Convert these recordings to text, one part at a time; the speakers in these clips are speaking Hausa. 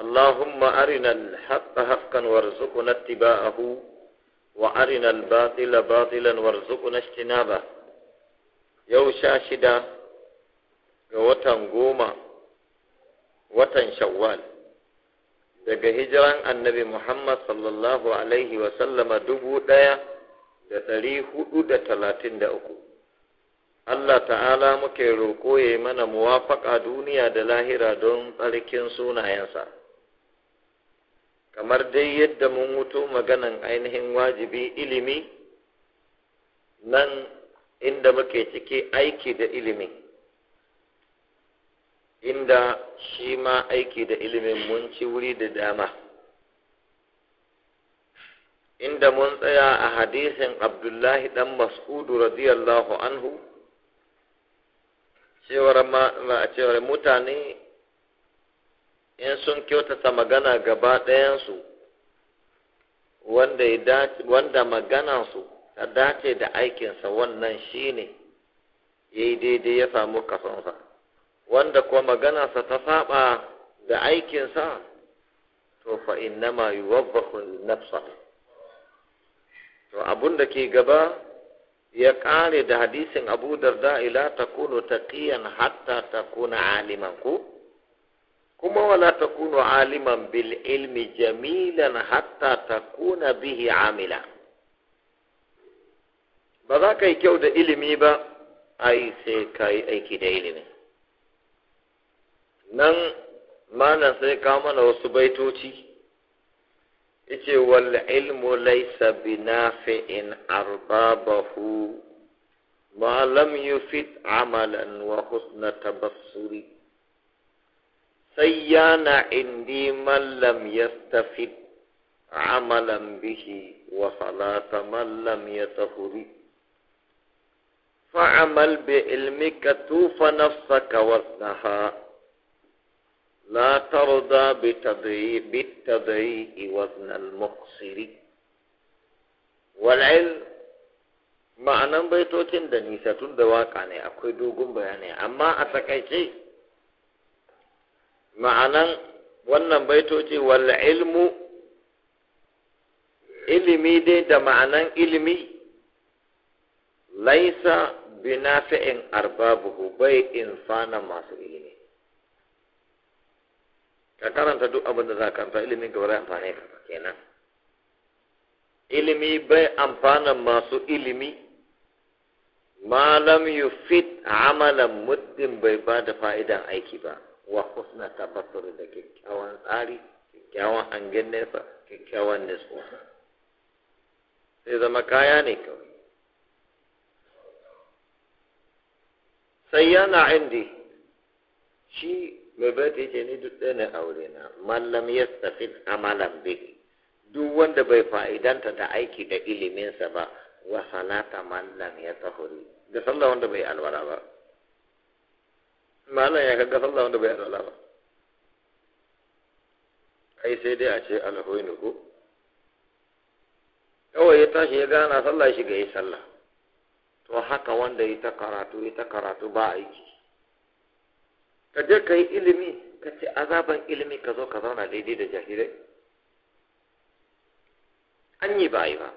اللهم أرنا الحق حقا وارزقنا اتباعه وأرنا الباطل باطلا وارزقنا اجتنابه yau sha shida ga watan goma watan shawwal daga hijiran annabi Muhammad sallallahu Alaihi dubu ɗaya da ɗari hudu da talatin da uku. Allah ta'ala muke roƙo ya mana muwafaƙa duniya da lahira don tsarkin sunayensa. kamar dai yadda mun wuto maganan ainihin wajibi ilimi nan inda muke ciki aiki da ilimi inda shi ma aiki da ilimin mun ci wuri da dama inda mun tsaya a hadisin abdullahi dan mas'udu radiyallahu anhu cewar mutane in sun kyautata magana gaba ɗayansu wanda maganansu ta dace da aikinsa wannan shi ne ya yi daidai ya samu kasonsa wanda kuwa maganarsa ta saba da aikinsa to fa innama yuwabbahu nafsa to abun da ke gaba ya ƙare da hadisin abu darda ila ta ta taqiyan hatta ta kuna aliman ku kuma wala takunu aliman bil ilmi jamilan hatta takuna bihi amila ba za ka yi kyau da ilimi ba ai sai ka yi aiki da ilimi nan mana sai ka mana wasu baitoci yace wal ilmu laysa binafi'in arbabahu ma lam yufid amalan wa husna tabassuri sayyana indi man lam yastafid amalan bihi wa salata man lam yatahuri fa'amal bi ilmika tufa nafsaka wasnaha la tarda bi tadayi bi al muqsiri wal ilm ma'anan baitocin da nisa tun da waka ne akwai dogon bayani amma a takaice ma'anan wannan baitoci wal ilmu ilimi dai da ma'anan ilimi laisa binafi'in arbabuhu bai insana masu ilimi ka karanta duk abin da za ka amfani ilimin ka wurin amfani ka kenan ilimi bai amfana masu ilimi malam yufit amalan muddin bai ba da fa'idan aiki ba wa husna tabattur da kyakkyawan tsari kyakkyawan hangen nesa kyakkyawan nutsuwa sai zama kaya ne kawai sai yana indi shi mai bata yake ni duk ɗaya ne aure na mallam ya tafi amalan bihi duk wanda bai fa'idanta da aiki da iliminsa ba wa salata mallam ya tahuri da sallah wanda bai alwara ba malam ya kaga sallah wanda bai alwala ba ai sai dai a ce alhoyin ko kawai ya tashi ya gana sallah shi ga yi sallah to haka wanda yi ta karatu yi ta karatu ba aiki ka je ka yi ilimi ka ce azaban ilimi ka zo ka zauna daidai da jahilai an yi ba yi ba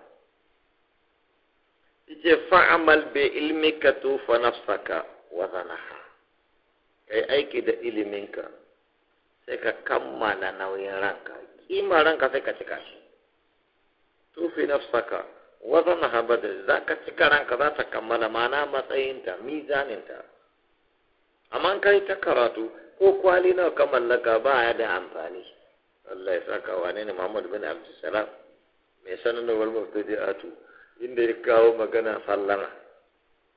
ce fa'amal bi ilmika tufa nafsaka wa zanaha ka yi aiki da iliminka sai ka kammala nauyin ranka kima ranka sai ka cika shi tufi na nafsaka wazan habadar za ka cika ranka za ta kammala mana matsayinta mizaninta amma kai ta karatu ko kwali nawa ka mallaka ba ya da amfani Allah ya saka wane ne Muhammad bin Salam mai sanarwar mubtadi'atu inda ya kawo magana sallama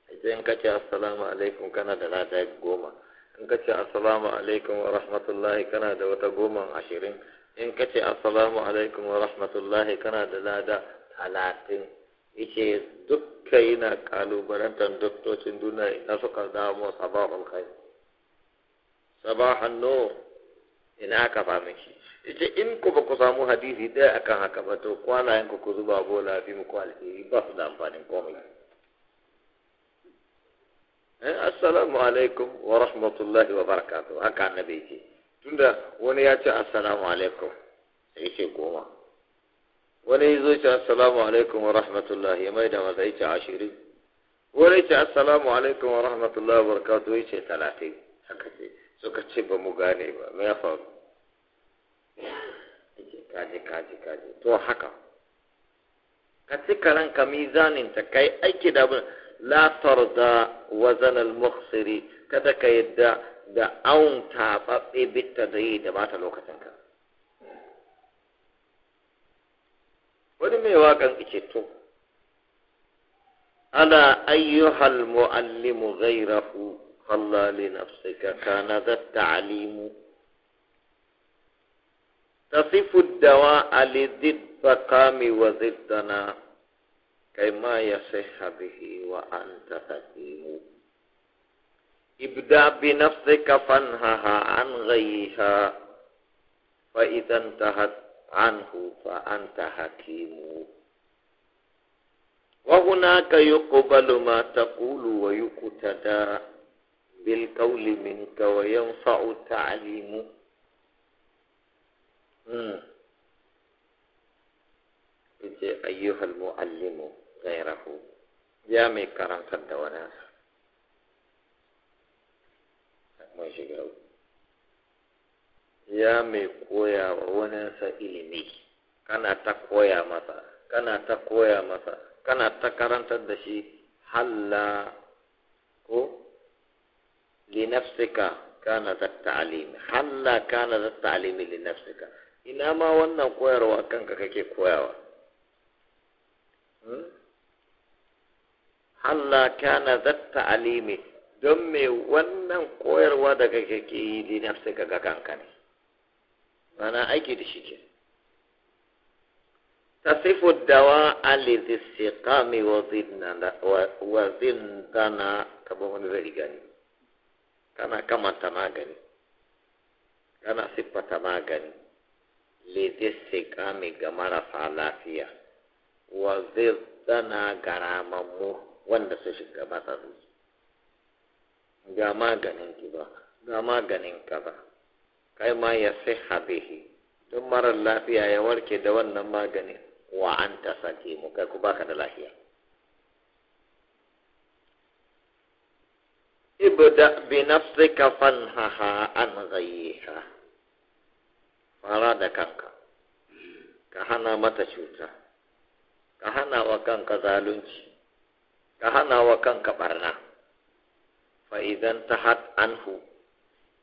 idan ka ce assalamu alaikum kana da lada goma in ka ce assalamu alaikum wa rahmatullahi kana da wata goma ashirin in ka ce assalamu alaikum wa rahmatullahi kana da lada talatin yace dukka yana kalubarantar doktocin duniya na suka damo sabahul kai sabahan no ina aka fami shi yace in ku ba ku samu hadisi daya akan haka ba to kwanayen ku ku zuba bola fi mu kwalfi ba su da amfanin komai Eh, assalamu alaikum wa rahmatullahi wa barakatuh haka annabi yake tunda wani ya ce assalamu alaikum sai ce goma wani ya zo ce assalamu alaikum wa rahmatullahi ya mai da maza ya ce ashirin wani ya ce assalamu alaikum wa rahmatullahi wa barakatu ya ce talatin haka ce suka ce ba mu gane ba me ya faru kaji kaji kaji to haka ka ci karanka mizanin ta kai aiki da abin la tarda wazan al kada ka yadda da aun tafafe bitta da yi da bata lokacin ka wani mai waƙan ice to ala ayyuhal mu'allimu ghayrahu khalla li nafsika kana dhat ta'limu تصف الدواء لضد فقام وضدنا كما يصح به وأنت حكيم ابدأ بنفسك فانهها عن غيها فإذا انتهت عنه فأنت حكيم وهناك يقبل ما تقول ويقتدى بالقول منك وينفع التعليم أيها المعلم gairahu ya mai karantar da wadansa mun shiga ya mai koya wa wani waninsa ilimi kana ta koya masa kana ta koya masa kana ta karantar da shi halla ko nafsika kana da ta'alimi halla kana da li nafsika ina ma wannan koyarwa kanka kake koyawa halla kana zatta alimi don me wannan koyarwa da kake ke yi li nafsika ga kanka ne mana aiki da shi ke tasifu dawa ali disiqami wa zinnana wa zindana kaba wani zai gani kana kamanta magani kana siffata magani li disiqami ga marasa lafiya wa zinnana garamammu wanda su shiga zuci. ga maganin ba ga maganin kaza kai ma ya sai habihi don marar lafiya ya warke da wannan maganin wa an ta sake mu kai ku baka da lafiya ibda bi nafsika fanhaha an ghayyiha fara da kanka ka hana mata cuta ka hana wa kanka zalunci ka hana wa kanka barna fa'idan ta hat anhu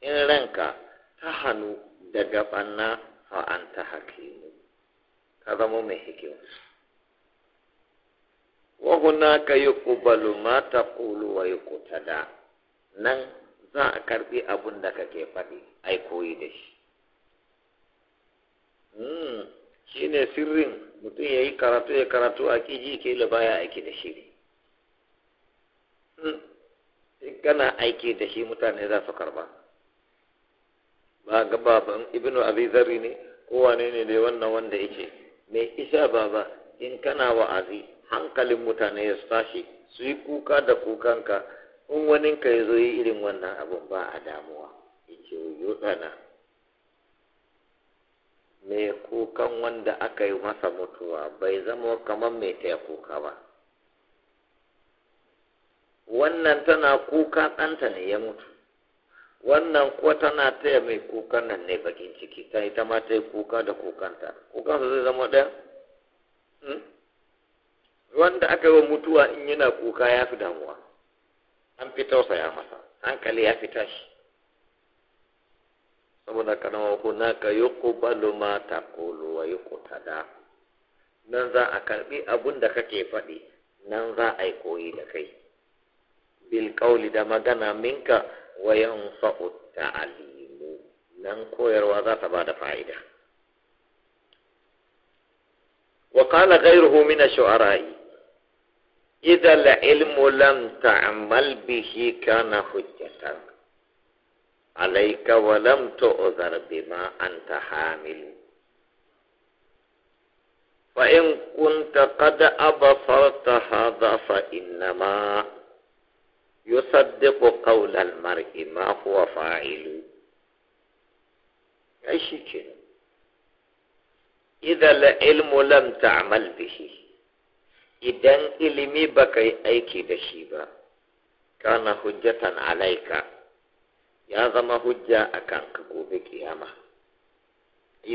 in ranka ta hannu daga barna an ta hakimu ka zama mai hikimu wa hunaka yuqbalu ma taqulu wa yuqtada nan za a karbi abun da kake faɗi ai koyi da shi hmm, shine sirrin mutum ya yi karatu ya karatu a kiji ke baya aiki da shiri in kana aiki da shi mutane za su karba ba ga baban ibnu abi zarri ne wane ne dai wannan wanda yake mai isa baba in kana wa'azi hankalin mutane ya tashi su yi kuka da kukanka in wani ka ya zo yi irin wannan abun ba a damuwa ce yo dana mai kukan wanda aka yi masa mutuwa bai zama kamar mai taya kuka ba wannan tana kuka ɗanta ne ya mutu wannan kuwa tana taya mai kukan nan ne bakin ciki ta ita ma ta yi kuka da kukanta kukansa zai zama ɗaya hmm? wanda aka yi wa mutuwa in yana kuka ya fi damuwa an fi ya masa hankali ya fi tashi saboda kanama hunaka yuqbalu ma ta taqulu wa da, nan za a karbi abun da kake faɗi nan za a yi koyi da kai بالقول ده مغانا منك وينفع التعليم ننكو يروى ذات بعد فائدة وقال غيره من الشعراء إذا العلم لم تعمل به كان حجة عليك ولم تؤذر بما أنت حامل فإن كنت قد أبصرت هذا فإنما yusaddiqu qawlal mar'i ma huwa fa'ilu ai shi kenan idan la ilmu lam idan ilimi baka yi aiki da shi ba kana hujjatan alaika ya zama hujja a kanka gobe kiyama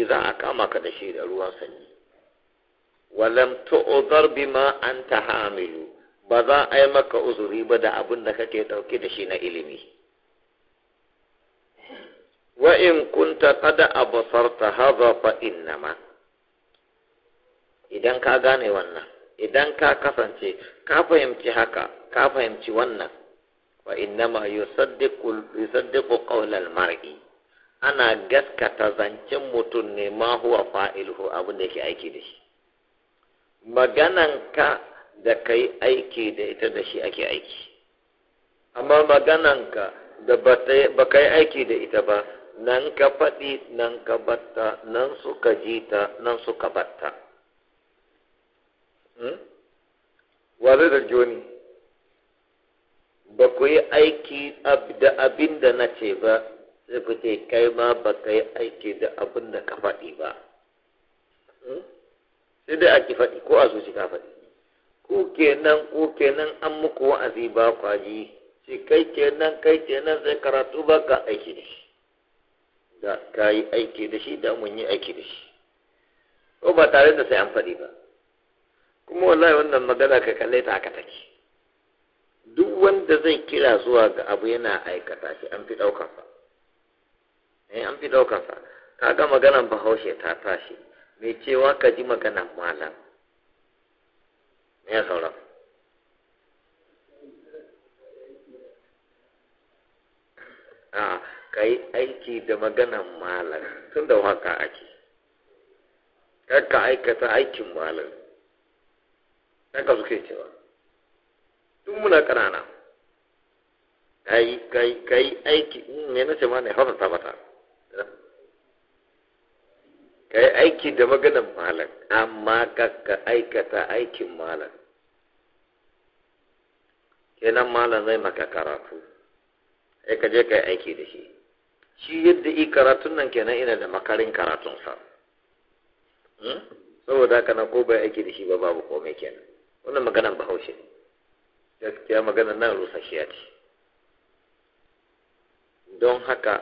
idan a kama ka da shi da ruwan sanyi walam tu'udhar bima anta hamilu ba za a yi maka uzuri ba da abin da kake ɗauke da shi na ilimi wa in kunta kada abasarta haza fa innama idan ka gane wannan idan ka kasance ka fahimci haka ka fahimci wannan wa yi yusaddiqu ƙaunar mar'i ana gaskata zancen mutum ne ma huwa fa'ilhu abin da yake aiki da shi maganan ka da kai aiki da ita da shi ake aiki amma magananka da ba ka yi aiki da ita ba nan ka faɗi nan ka batta nan suka ji ta nan suka batta hmm? wa zai da joni ba ku yi aiki da abin da na ce ba sai ku ce kai ma ba ka yi aiki da abin da ka faɗi ba hmm? sai dai a ki faɗi ko a zuci ka faɗi ku kenan ku kenan an muku wa'azi ba kwaji shi kai kenan kai kenan sai karatu ba ka aiki da shi da ka yi aiki da shi da mun yi aiki da shi ko ba tare da sai an faɗi ba kuma wallahi wannan magana ka kalle ta aka take duk wanda zai kira zuwa ga abu yana aikata shi an fi ɗaukar sa eh an fi ɗaukar sa kaga maganan bahaushe ta tashi mai cewa ka ji maganan malam me ya sauran a ah, ka yi aiki da maganan malam tun da waka ake ka aikata aikin malam haka suke cewa tun muna ƙanana kai yi aiki ne mm, na ce ma ne hausa ta mata ka yi aiki da maganin malam amma ka aikata aikin malam kenan malam zai maka karatu sai ka je ka yi aiki da shi shi yadda i karatun nan kenan ina da makarin karatunsa hmm? saboda haka na, ko bai aiki da shi ba babu komai kenan wannan maganan bahaushe gaskiya maganan nan rusashiya ce don haka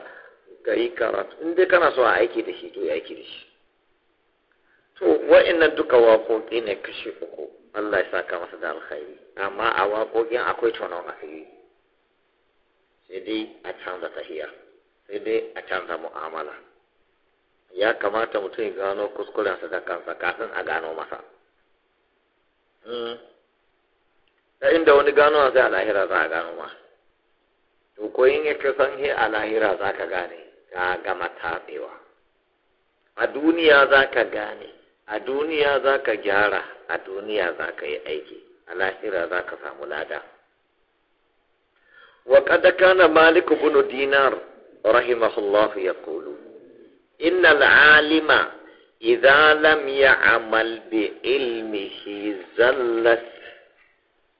ka yi karatu in dai kana so a aiki da shi to yi aiki da shi to wa'annan duka waƙoƙi ne kashi uku Allah ya saka masa da alkhairi amma a waƙoƙin akwai tonon asiri sai dai a canza tahiya sai dai a canza mu'amala ya kamata mutum ya gano kuskurensa da kansa kafin a gano masa hmm. ta inda wani gano a zai alahira za a gano ma to ko in yake san he alahira za ka gane ka gama tabewa a duniya za ka gane a duniya za ka gyara a duniya za ka yi aiki a lahira za ka samu lada wa kada kana maliku bunu dinar rahimahullahu yaqulu inna al-alima idza ya amal bi ilmihi zallas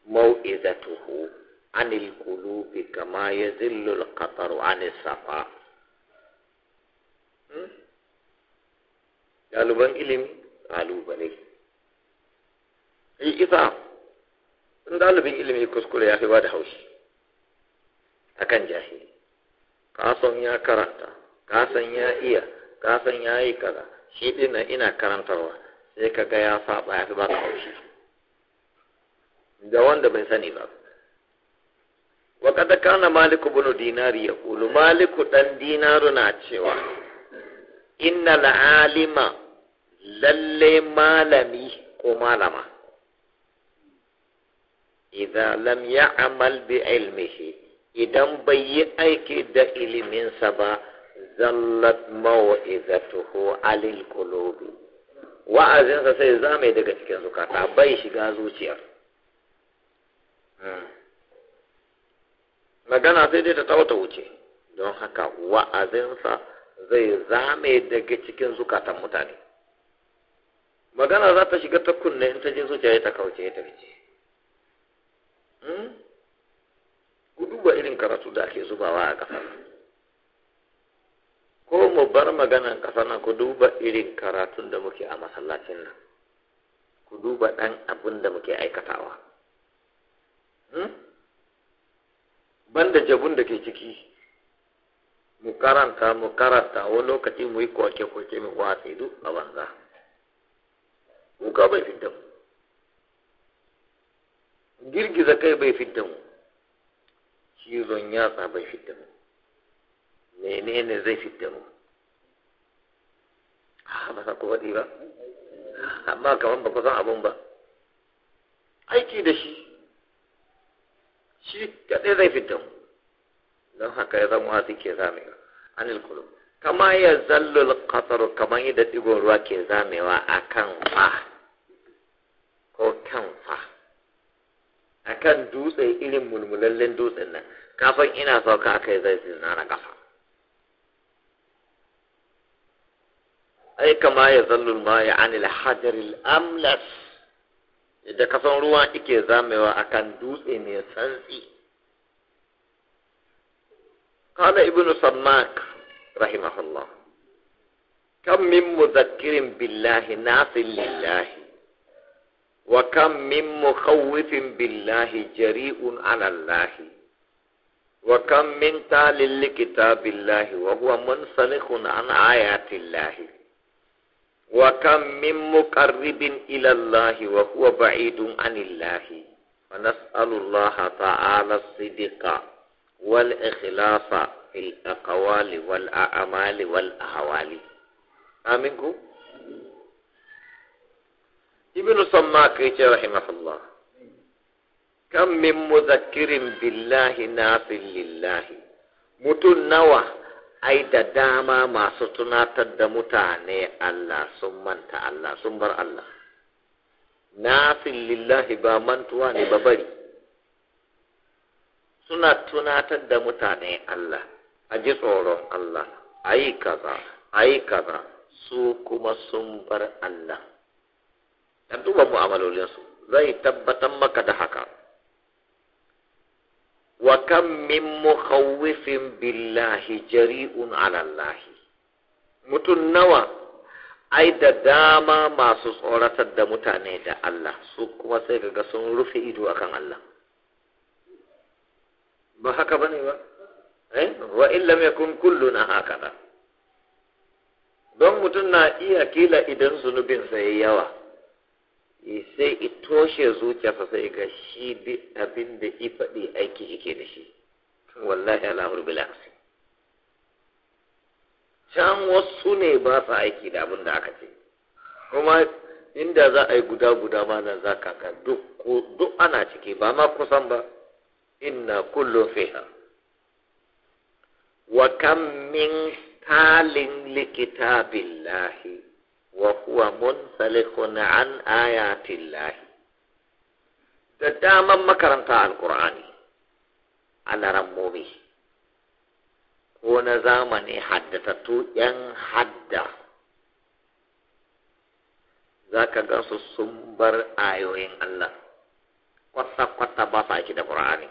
mau'izatuhu anil qulubi kama ya zillul qataru anis safa hmm? ɗaliban ilimi ƙalubale in eh, isa in ɗalibin ilimi kuskure ya fi ba da haushi kan jahili kasan ya karanta kasan ya iya kasan ya yi kaza shi ɗin ina karantarwa sai ka ga ya saba ya fi ba da haushi da wanda bai sani ba wa kada kana maliku bin dinari ya kulu maliku ɗan dinaru na cewa inna la'alima lalle malami ko malama idan lam amal bi ilmihi idan bai yi aiki da iliminsa ba zallat mau'izatuhu alil qulubi wa'azinsa sai zame daga cikin zukata bai shiga zuciyar hmm. magana sai dai ta tsawata wuce don haka wa'azinsa zai zame daga cikin zukatan mutane magana za ta shiga ta kunne in ta je zuciya ta kauce ta fice hmm? ku duba irin karatu da ake zubawa a ƙasa ko mu bar maganan ƙasa nan ku duba irin karatun da muke a masallacin nan ku duba ɗan abin da muke aikatawa hmm? banda jabun da ke ciki mu karanta mu karanta wani lokaci mu yi kwake-kwake mu watsi duk a banza kuka bai fidda mu girgiza kai bai fidda mu cizon yatsa bai fidda mu menene zai fidda mu ba sa ku faɗi ba amma kamar ba ku san abun ba aiki da shi shi kaɗai zai fidda mu don haka ya zama ke zamewa anil kulum kama ya zallul qatar kamar yadda digon ruwa ke zamewa akan ma ko tamfa akan dutse irin mulmulallen dutsen nan kafin ina sauka a kai zai zina na kafa ai kama ya zallul ma ya anil hajaril amlas da kasan ruwa ike zamewa akan dutse mai santsi قال ابن سماك رحمه الله كم من مذكر بالله ناس لله وكم من مخوف بالله جريء على الله وكم من تال لكتاب الله وهو منسلخ عن آيات الله وكم من مقرب إلى الله وهو بعيد عن الله فنسأل الله تعالى الصدق والإخلاص في الأقوال والأعمال والأهوال آمنكم ibnu somma kai ce rahimahullah kan min muzakkirin billahi nafin lillahi Mutu nawa ai da dama masu tunatar da mutane Allah sun manta Allah sun bar Allah nafin lillahi ba mantuwa ne ba bari suna tunatar da mutane Allah a ji tsoron Allah a yi kaza a yi kaza su kuma sun bar Allah ka duba su zai tabbatar maka da haka wa kam min mukhawwifin billahi jari'un ala Allah mutun nawa ai da dama masu tsoratar da mutane da Allah su kuma sai ga sun rufe ido akan Allah ba haka bane ba eh wa illam yakun kulluna hakada don mutum na iya kila idan zunubinsa sai yawa Eh, sai i toshe sai ga shi duk abin da i faɗi aiki yake da shi wallahi al'amur bilaksi can wasu ne ba sa aiki da abin da aka ce kuma inda za a yi guda guda ma nan za ka ka duk ana ciki ba ma kusan ba inna kullum fiha wa kam min talin likita billahi wa huwa munsalihun an ayatillah da daman makaranta a alaran mobi ko na zamani haddatattu yan hadda za ka ga su sun bar ayoyin Allah kwata-kwata ba sa ake da ƙur'ani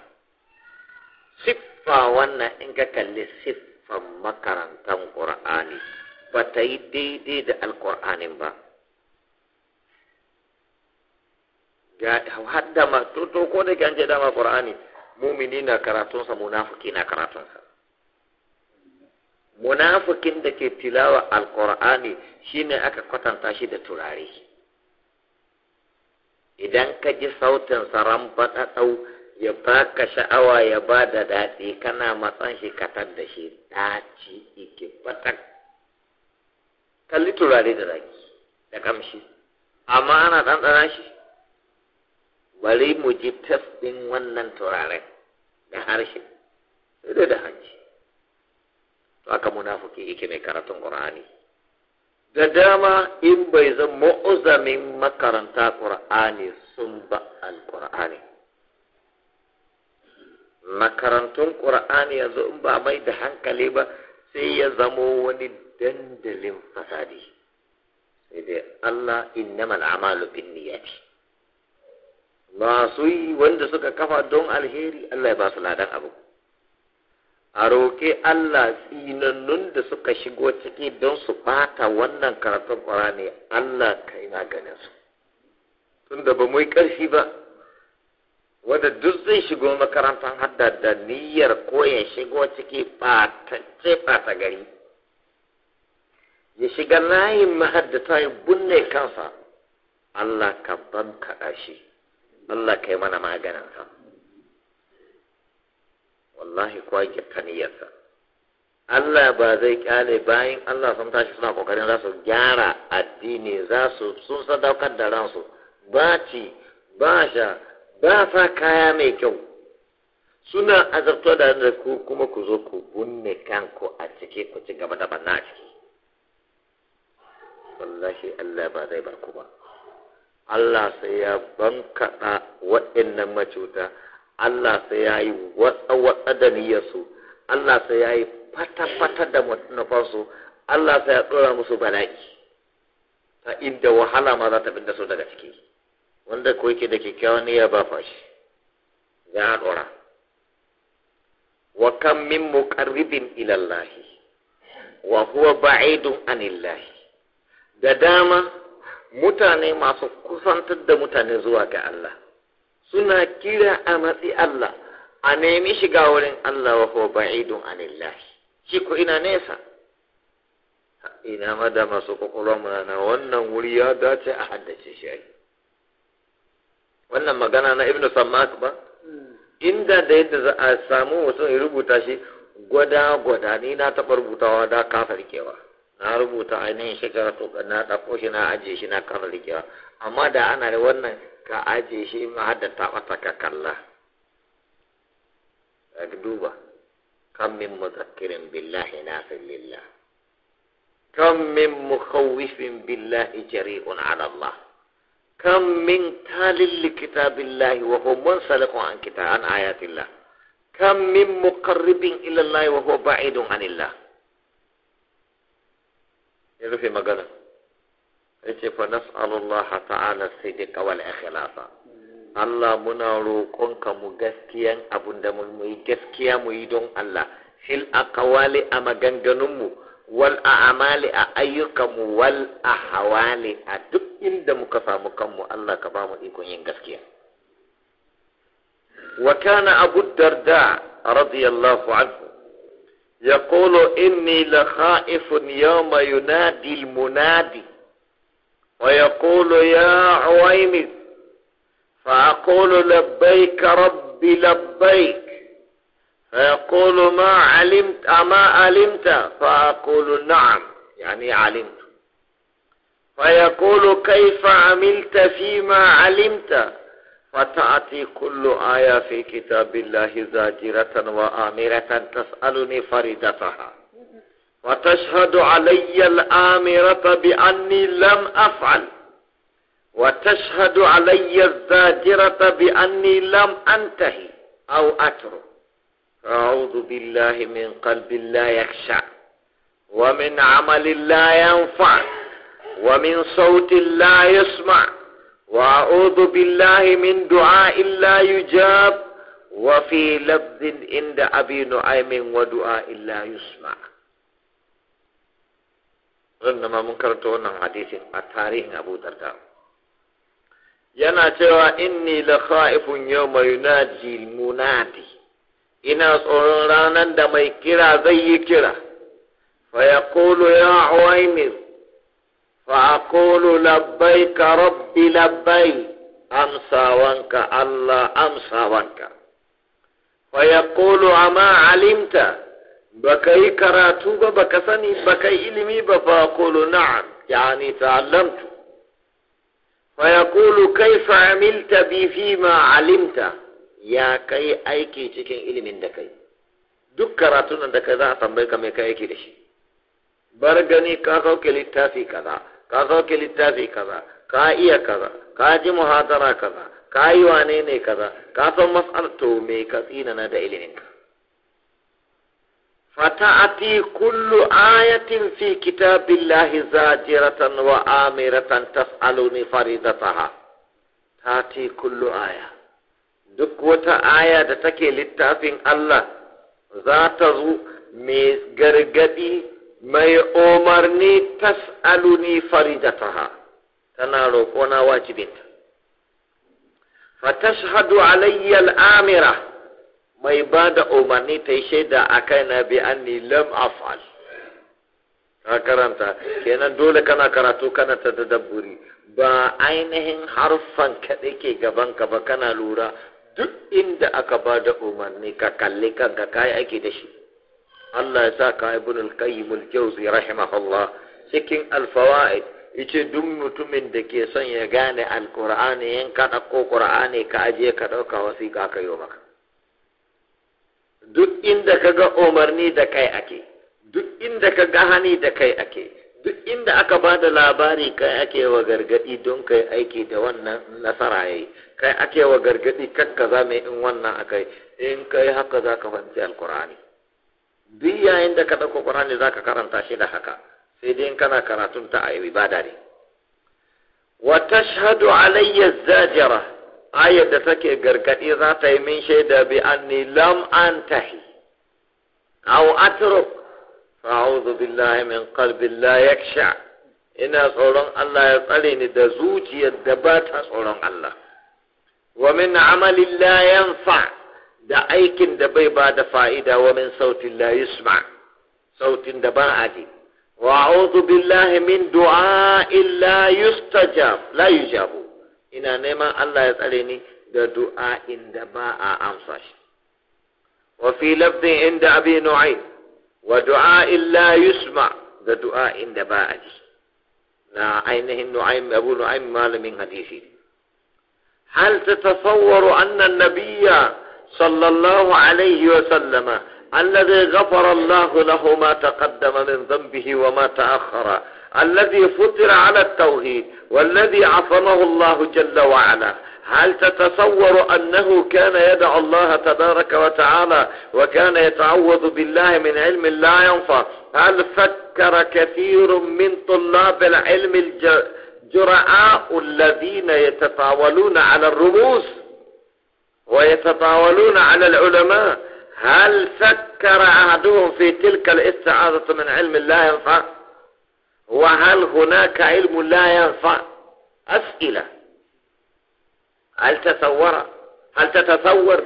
siffa wannan in ka kalli siffan makarantar ƙur'ani ba ta yi daidai da alkur'anin ba ga hadda ma ko da kan ce dama qur'ani mumini na karatun sa munafiki na karatun sa munafikin da ke tilawa alqur'ani shine aka kwatanta shi da turare idan ka ji sautin saran baɗaɗau ya baka sha'awa ya ba da daɗi kana matsan shi katar da shi ɗaci ike batak kalli turare da zaki da kamshi amma ana ɗanɗana shi bari mu ji tas ɗin wannan turare da harshe sai da hanci to aka munafuki yake mai karatun qur'ani da dama in bai zan ma'uzamin makaranta qur'ani sun ba alƙur'ani makarantun ƙur'ani yanzu in ba mai da hankali ba sai ya zamo wani dandalin fasadi sai dai Allah innamal amalu bin niyyati masu yi wanda suka kafa don alheri Allah ya ba su ladan abu a roƙe Allah tsinannun da suka shigo ciki don su bata wannan karatun ne, Allah ka ina ganin su tunda ba mu yi ƙarfi ba wanda duk zai shigo makarantar hadda da niyyar koyan shigo ciki ɓatacce ɓata gari ya shiga layin mahaddata ya bunne kansa Allah ka ban kaɗa shi Allah ka yi mana ha wallahi kuwa gita niyyarsa Allah ba zai kyale bayan Allah sun tashi suna kokarin za su gyara addini za su sun sadaukar da ransu ba ci ba sa kaya mai kyau suna azabtar da ku kuma ku zo ku bunne kanku a ciki ku ci gaba da banna a ciki wallahi Allah ba zai ba ku ba Allah sai ya bankaɗa waɗannan macuta Allah sai ya yi watsa-watsa da niyyarsu Allah sai ya yi fata-fata da manufarsu Allah sai ya tsora musu bala'i ta inda wahala ma za ta binda su daga ciki wanda ko yake da kyakkyawan niyya ba fashi ya tsora wa kam min muqarribin ila Allah wa huwa ba'idun anillahi da dama mutane masu kusantar da mutane zuwa ga Allah suna kira a matsi Allah a nemi shiga wurin Allah wa huwa ba'idun anillahi shi ku ina nesa ina ma da masu mu na wannan wuri ya dace a haddace shi wannan magana na Ibn Sammak ba hmm. inda da yadda za a samu wasu ya rubuta shi gwada gwada ni na taɓa rubutawa da kafarkewa na rubuta ainihin shekara to na ɗauko shi na ajiye shi na kara rikewa amma da ana da wannan ka ajiye shi ma har da taɓata ka kalla a duba kan min muzakkirin billahi na lillah kan min mukhawifin billahi jari'un ala Allah kan min talin likita billahi wa huwa munsalikun an kita an ayatillah kan min muqarribin ila Allah wa huwa ba'idun anillah ya rufe magana ce fa nas'alullaha ta'ala sidqa a ikhlasa Allah muna roƙonka mu gaskiyan abun da mu yi gaskiya mu yi don Allah fil aqwali a maganganunmu wal a'mali a ayyukanmu wal ahwali a duk inda muka samu kanmu Allah ka ba ikon yin gaskiya wa kana abu darda radiyallahu anhu يقول إني لخائف يوم ينادي المنادي ويقول يا عويم فأقول لبيك ربي لبيك فيقول ما علمت أما علمت فأقول نعم يعني علمت فيقول كيف عملت فيما علمت فتأتي كل آية في كتاب الله زاجرة وآمرة تسألني فريدتها وتشهد علي الآمرة بأني لم أفعل وتشهد علي الزاجرة بأني لم أنتهي أو أترك أعوذ بالله من قلب لا يخشع ومن عمل لا ينفع ومن صوت لا يسمع وأعوذ بالله من دعاء لا يجاب وفي لفظ عند أبي نعيم ودعاء لا يسمع ma mun karanta wannan hadisin a tarihin Abu Darda yana cewa inni la khaifun yawma yunaji munadi ina tsoron ranar da mai kira zai yi kira fa yaqulu ya uwaimir Fakolu labbai ka rabbi labbai amsa wanka Allah amsa wanka. Faya kolo a ba ka karatu ba ba ka sani ba kai yi ilimi ba fa kolo na'am ya ta alamtu. Faya kolo kai fa amilta bi ma alimta ya ka aiki cikin ilimin da kai. Duk karatun da kai za a tambayi ka mai ka yake da shi. Bar ka kauke littafi ka ka sauke littafi kaza ka iya kaza ka ji muhadara kaza ka yi wane ne kaza ka san mas'al to me ka tsina na da ilimin ka fata'ati kullu ayatin fi kitabillahi zajiratan wa amiratan tas'aluni faridataha tati kullu aya duk wata aya da take littafin Allah za ta zo mai gargadi mai umarni tas'aluni faridataha tana roƙona wajibinta tashhadu alayya al'amira mai ba da umarni ta yi shaida a na bi anni lam af'al ka karanta kenan dole kana karatu kana ta tadabburi ba ainihin harfan kaɗai ke gaban ka ba kana lura duk inda aka ba da umarni ka kalli kanka kayi ake da shi Allah ya sa ka ibn al-qayyim al-jawzi rahimahullah cikin al-fawaid yace duk mutumin da ke son ya gane al-qur'ani yan ka dauko qur'ani ka aje ka dauka wasi ka yi maka duk inda ka ga umarni da kai ake duk inda ka ga hani da kai ake duk inda aka ba da labari kai ake wa gargadi don kai aiki da wannan nasara yayi kai ake wa gargadi kakka za mai in wannan akai in kai haka za ka al alkur'ani duk yayin da ka ɗauko ƙur'ani za ka karanta shi da haka sai dai kana karatun ta a ibada ne wa tashhadu alayya zajira ayar da take gargadi za ta yi min shaida bi anni lam antahi aw atruk fa'udhu billahi min qalbin la yakhsha ina tsoron Allah ya tsare ni da zuciyar da ba ta tsoron Allah wa min amalin la yanfa' da aikin da bai ba da fa'ida wa min sautin la yusma sautin da ba a ji wa a'udhu billahi min du'a illa yustajab la yujabu ina neman Allah ya tsare ni da du'a inda ba a amsa shi wa fi lafdin inda abi nu'ayn wa du'a illa yusma da du'a inda ba a ji na ainihin nu'aym abu nu'aym malamin hadisi hal tatasawwaru anna an-nabiyya صلى الله عليه وسلم الذي غفر الله له ما تقدم من ذنبه وما تأخر الذي فطر على التوحيد والذي عصمه الله جل وعلا هل تتصور أنه كان يدعو الله تبارك وتعالى وكان يتعوذ بالله من علم لا ينفع هل فكر كثير من طلاب العلم الجرعاء الذين يتطاولون على الرموز ويتطاولون على العلماء هل سكر أحدهم في تلك الاستعاذة من علم لا ينفع وهل هناك علم لا ينفع أسئلة هل تصور هل تتصور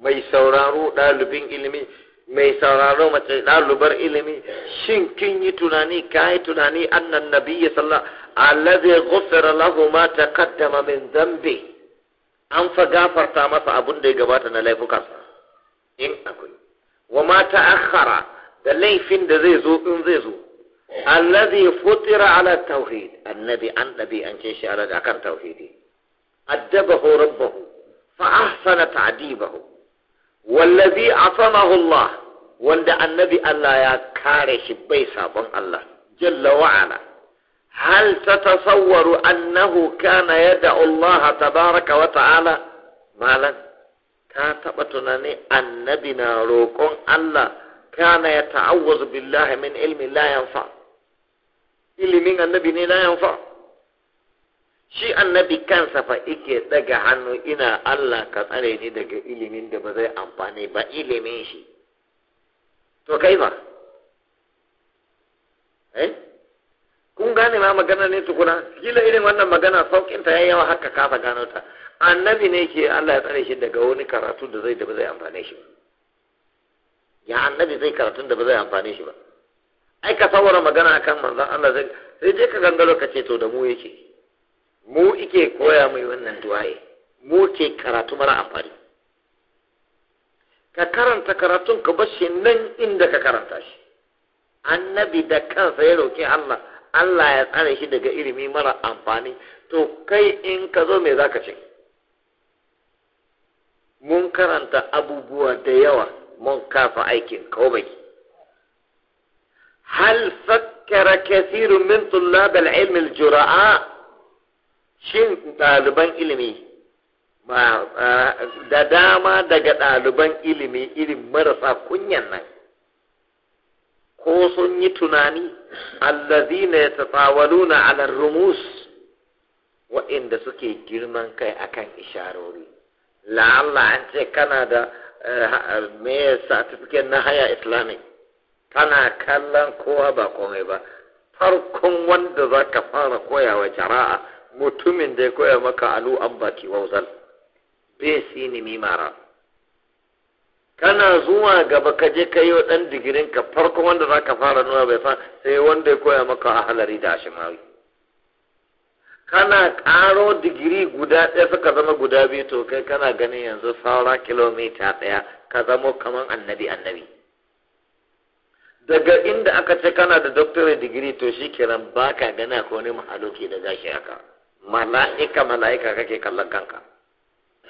ما يسورارو دالبين علمي ما يسورارو ما تدالبر علمي شن كيني تناني كاي تناني أن النبي صلى الله عليه وسلم الذي غفر له ما تقدم من ذنبه an fa gafarta masa abin da ya gabata na laifukansa in akwai wa ma ta'akhkhara da laifin da zai zo in zai zo allazi futira ala tauhid annabi an dabi an ce shi ala akan tauhidi addabahu rabbahu fa ahsana ta'dibahu wallazi asamahu Allah wanda annabi Allah ya kare shi bai sabon Allah jalla wa ala هل تتصور أنه كان يدعو الله تبارك وتعالى مالا كاتبتنا النبينا روكون الله كان يتعوذ بالله من علم لا ينفع Ilimin من النبي لا ينفع shi annabi kansa fa ike daga hannu ina Allah ka tsare ni daga ilimin da ba zai amfani ba ilimin shi to kai ba eh kun gane ma magana ne tukuna kila irin wannan magana saukinta ta yi yawa haka kafa gano ta annabi ne ke Allah ya tsare shi daga wani karatu da zai da ba zai amfane shi ba ya annabi zai karatun da ba zai amfane shi ba ai ka saura magana akan manzon Allah zai sai dai ka gangalo ka ce to da mu yake mu ike koya mai wannan duwaye mu ke karatu mara amfani ka karanta karatun ka bashi nan inda ka karanta shi annabi da kansa ya roki Allah Allah ya tsare shi daga ilimi mara amfani to kai in ka zo me zaka ce mun karanta abubuwa da yawa mun kafa aikin kawai hal fakkara kathiru min tullab al-ilm al-jura'a shin ɗaliban ilimi da dama daga ɗaliban ilimi irin marasa kunyan nan ko sun yi tunani allazina yatatawaluna ala rumus wa'inda suke girman kai akan isharori la'alla an ce kana da eh, me certificate na haya islamic kana kallon kowa ba komai ba farkon wanda za ka fara koyawa jara'a mutumin da ya koya maka alu an baki wauzal bai sini mimara kana zuwa gaba ka je ka yi wa ɗan digirin ka farko wanda za ka fara nuna bai san sai wanda ya koya maka a halari da ashimawi kana ƙaro digiri guda ɗaya suka zama guda biyu to kai kana ganin yanzu saura kilomita ɗaya ka zamo kamar annabi annabi daga inda aka ce kana da doctorate digiri to shi kiran ba ka gana ko ne da gashi haka mala'ika mala'ika kake kallon kanka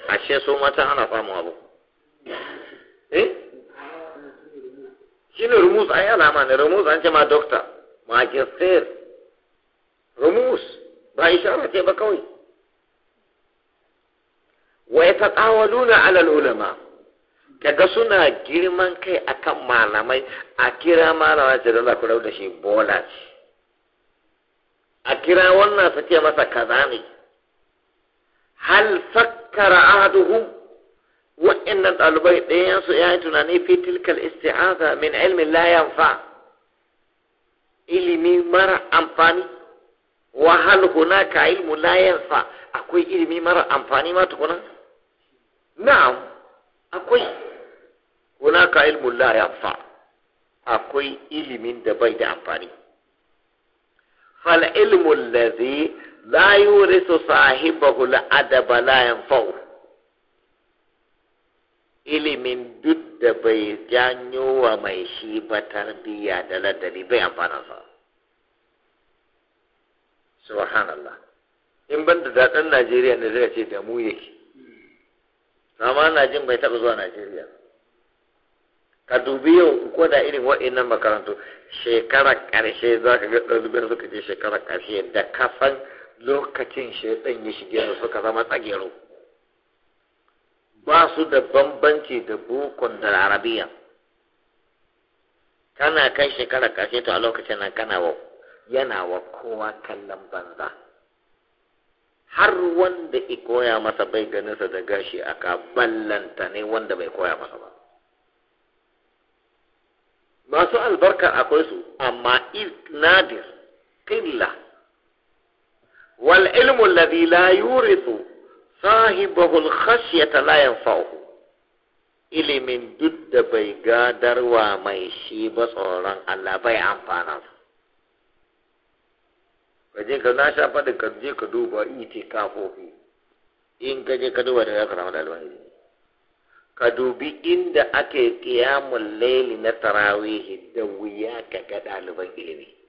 ashe su mata ana samun abu Eh? shi ne rumus yi alama ne rumus an ce ma dokta magister rumus ba ishara ce ba kawai wai wa nuna alal ulama kaga suna girman kai akan malamai a kira malama ce da ku da shi bola ce a kira wannan su ce masa kaza ne hal fakkara ahaduhum wa'annan ɗalibai ɗayansu ya yi tunani fi tilkal isti'aza min ilmin la yanfa ilimi mara amfani wahal huna ka ilmu la yanfa akwai ilimi mara amfani ma tukuna na'am akwai ka ilmu la yanfa akwai ilimin da bai da amfani fal ilmu allazi la yurisu sahibahu la adaba la yanfa'u ilimin duk da bai janyo wa mai shi ba tarbiyya da ladari bai amfana sa subhanallah in ban da daɗin najeriya ne zai ce da mu yake amma na jin bai taɓa zuwa najeriya ka dubi yau ko da irin wa'innan makarantu shekarar ƙarshe za ka ga ɗalibin suka je shekara ƙarshe da kafan lokacin shaidan ya shige su suka zama tsagero ba su da bambanci da bukun da arabiya kana kai shekara kashe to a lokacin nan kana wa yana wa kowa kallon banza har wanda i koya masa bai ganinsa da gashi aka ballanta ne wanda bai koya masa ba masu albarka akwai su amma nadir illa wal ilmu alladhi la yurithu sahibahul khashyata la yanfa'uhu ilimin duk da bai gadarwa mai shi ba tsoron Allah bai amfana ka je ka na sha faɗin ka je ka duba iti kafofi in ka je ka duba da za ka samu da ka dubi inda ake kiyamun laili na tarawihi da wuya ka ga ɗaliban ilimi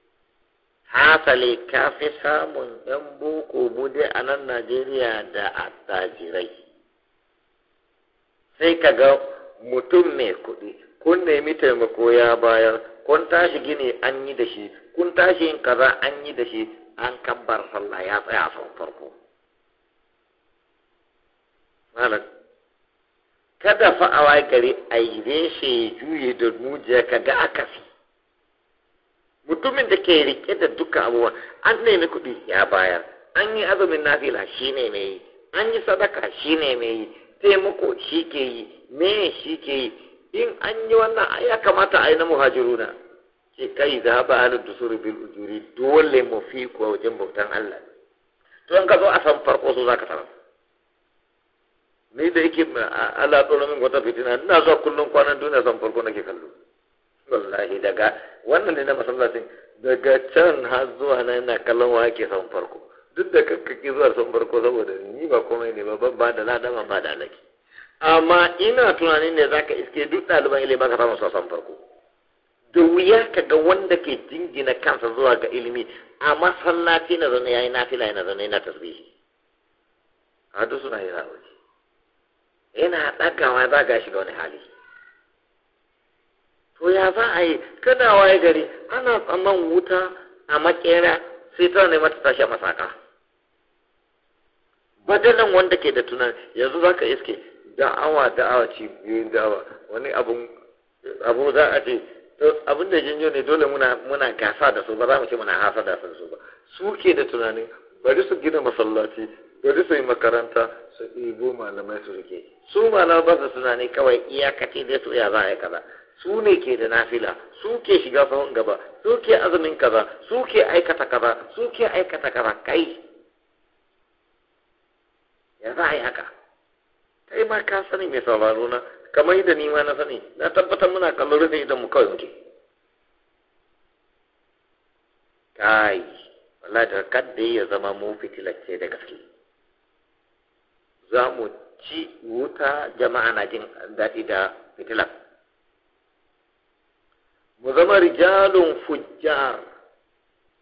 hasali ka samun yan boko bude a nan najeriya da attajirai sai ka ga mutum mai kuɗi kun nemi taimako ya bayar kun tashi gini an yi da shi kun tashi yin kaza an yi da shi an kabbar sallah ya tsaya a farko kada fa'awa gari a yi shi juye da mujiya ka ga akasi mutumin da ke rike da dukkan abubuwa an nemi kuɗi ya bayar an yi azumin nafila shi ne mai yi an yi sadaka shi ne mai yi taimako shi ke yi me shi ke yi in an yi wannan ya kamata a yi na muhajiruna ke kai za ba alu dusuru bil ujuri dole mu fi kuwa wajen bautan Allah to an ka zo a san farko so zaka tarar ni da yake Allah ya min wata fitina ina zuwa kullum kwanan duniya san farko nake kallo wallahi daga wannan ne na masallacin daga can har zuwa na yana kallon wa ake son farko duk da kakkaki zuwa son farko saboda ni ba komai ne ba ba da ladama ba da alaki amma ina tunanin ne zaka iske duk ɗaliban ilimi ba ka samu son farko da wuya ka ga wanda ke jingina kansa zuwa ga ilimi a masallaci na yi yayi nafila yana zane na tasbihi a duk suna yi rawaji Ina ɗagawa za ga shiga wani hali to ya za a yi kada waye gari ana tsamman wuta a makera sai ta nema ta tashi a masaka badalan wanda ke da tunan yanzu za ka iske da'awa da'awa ci biyun da'awa wani abu za a ce abin da jinjo ne dole muna muna gasa da su ba za mu ce muna hasa da su ba su ke da tunanin bari su gina masallaci bari su yi makaranta su ɗibo malamai su rike su malamai ba su tunani kawai iyakaci dai su iya za a yi kaza su ne ke da nafila su ke shiga sahun gaba su ke azumin kaza su ke aikata kaza su ke aikata kaza kai ya za a yi haka kai ma ka sani mai sauraro na kamar yadda ni ma na sani na tabbatar muna kallon rufe idan mu kawai muke kai wallahi da kadda ya zama mu fitilacce da gaske za mu ci wuta jama'a na jin daɗi da fitilar mu zama rijalun fujjar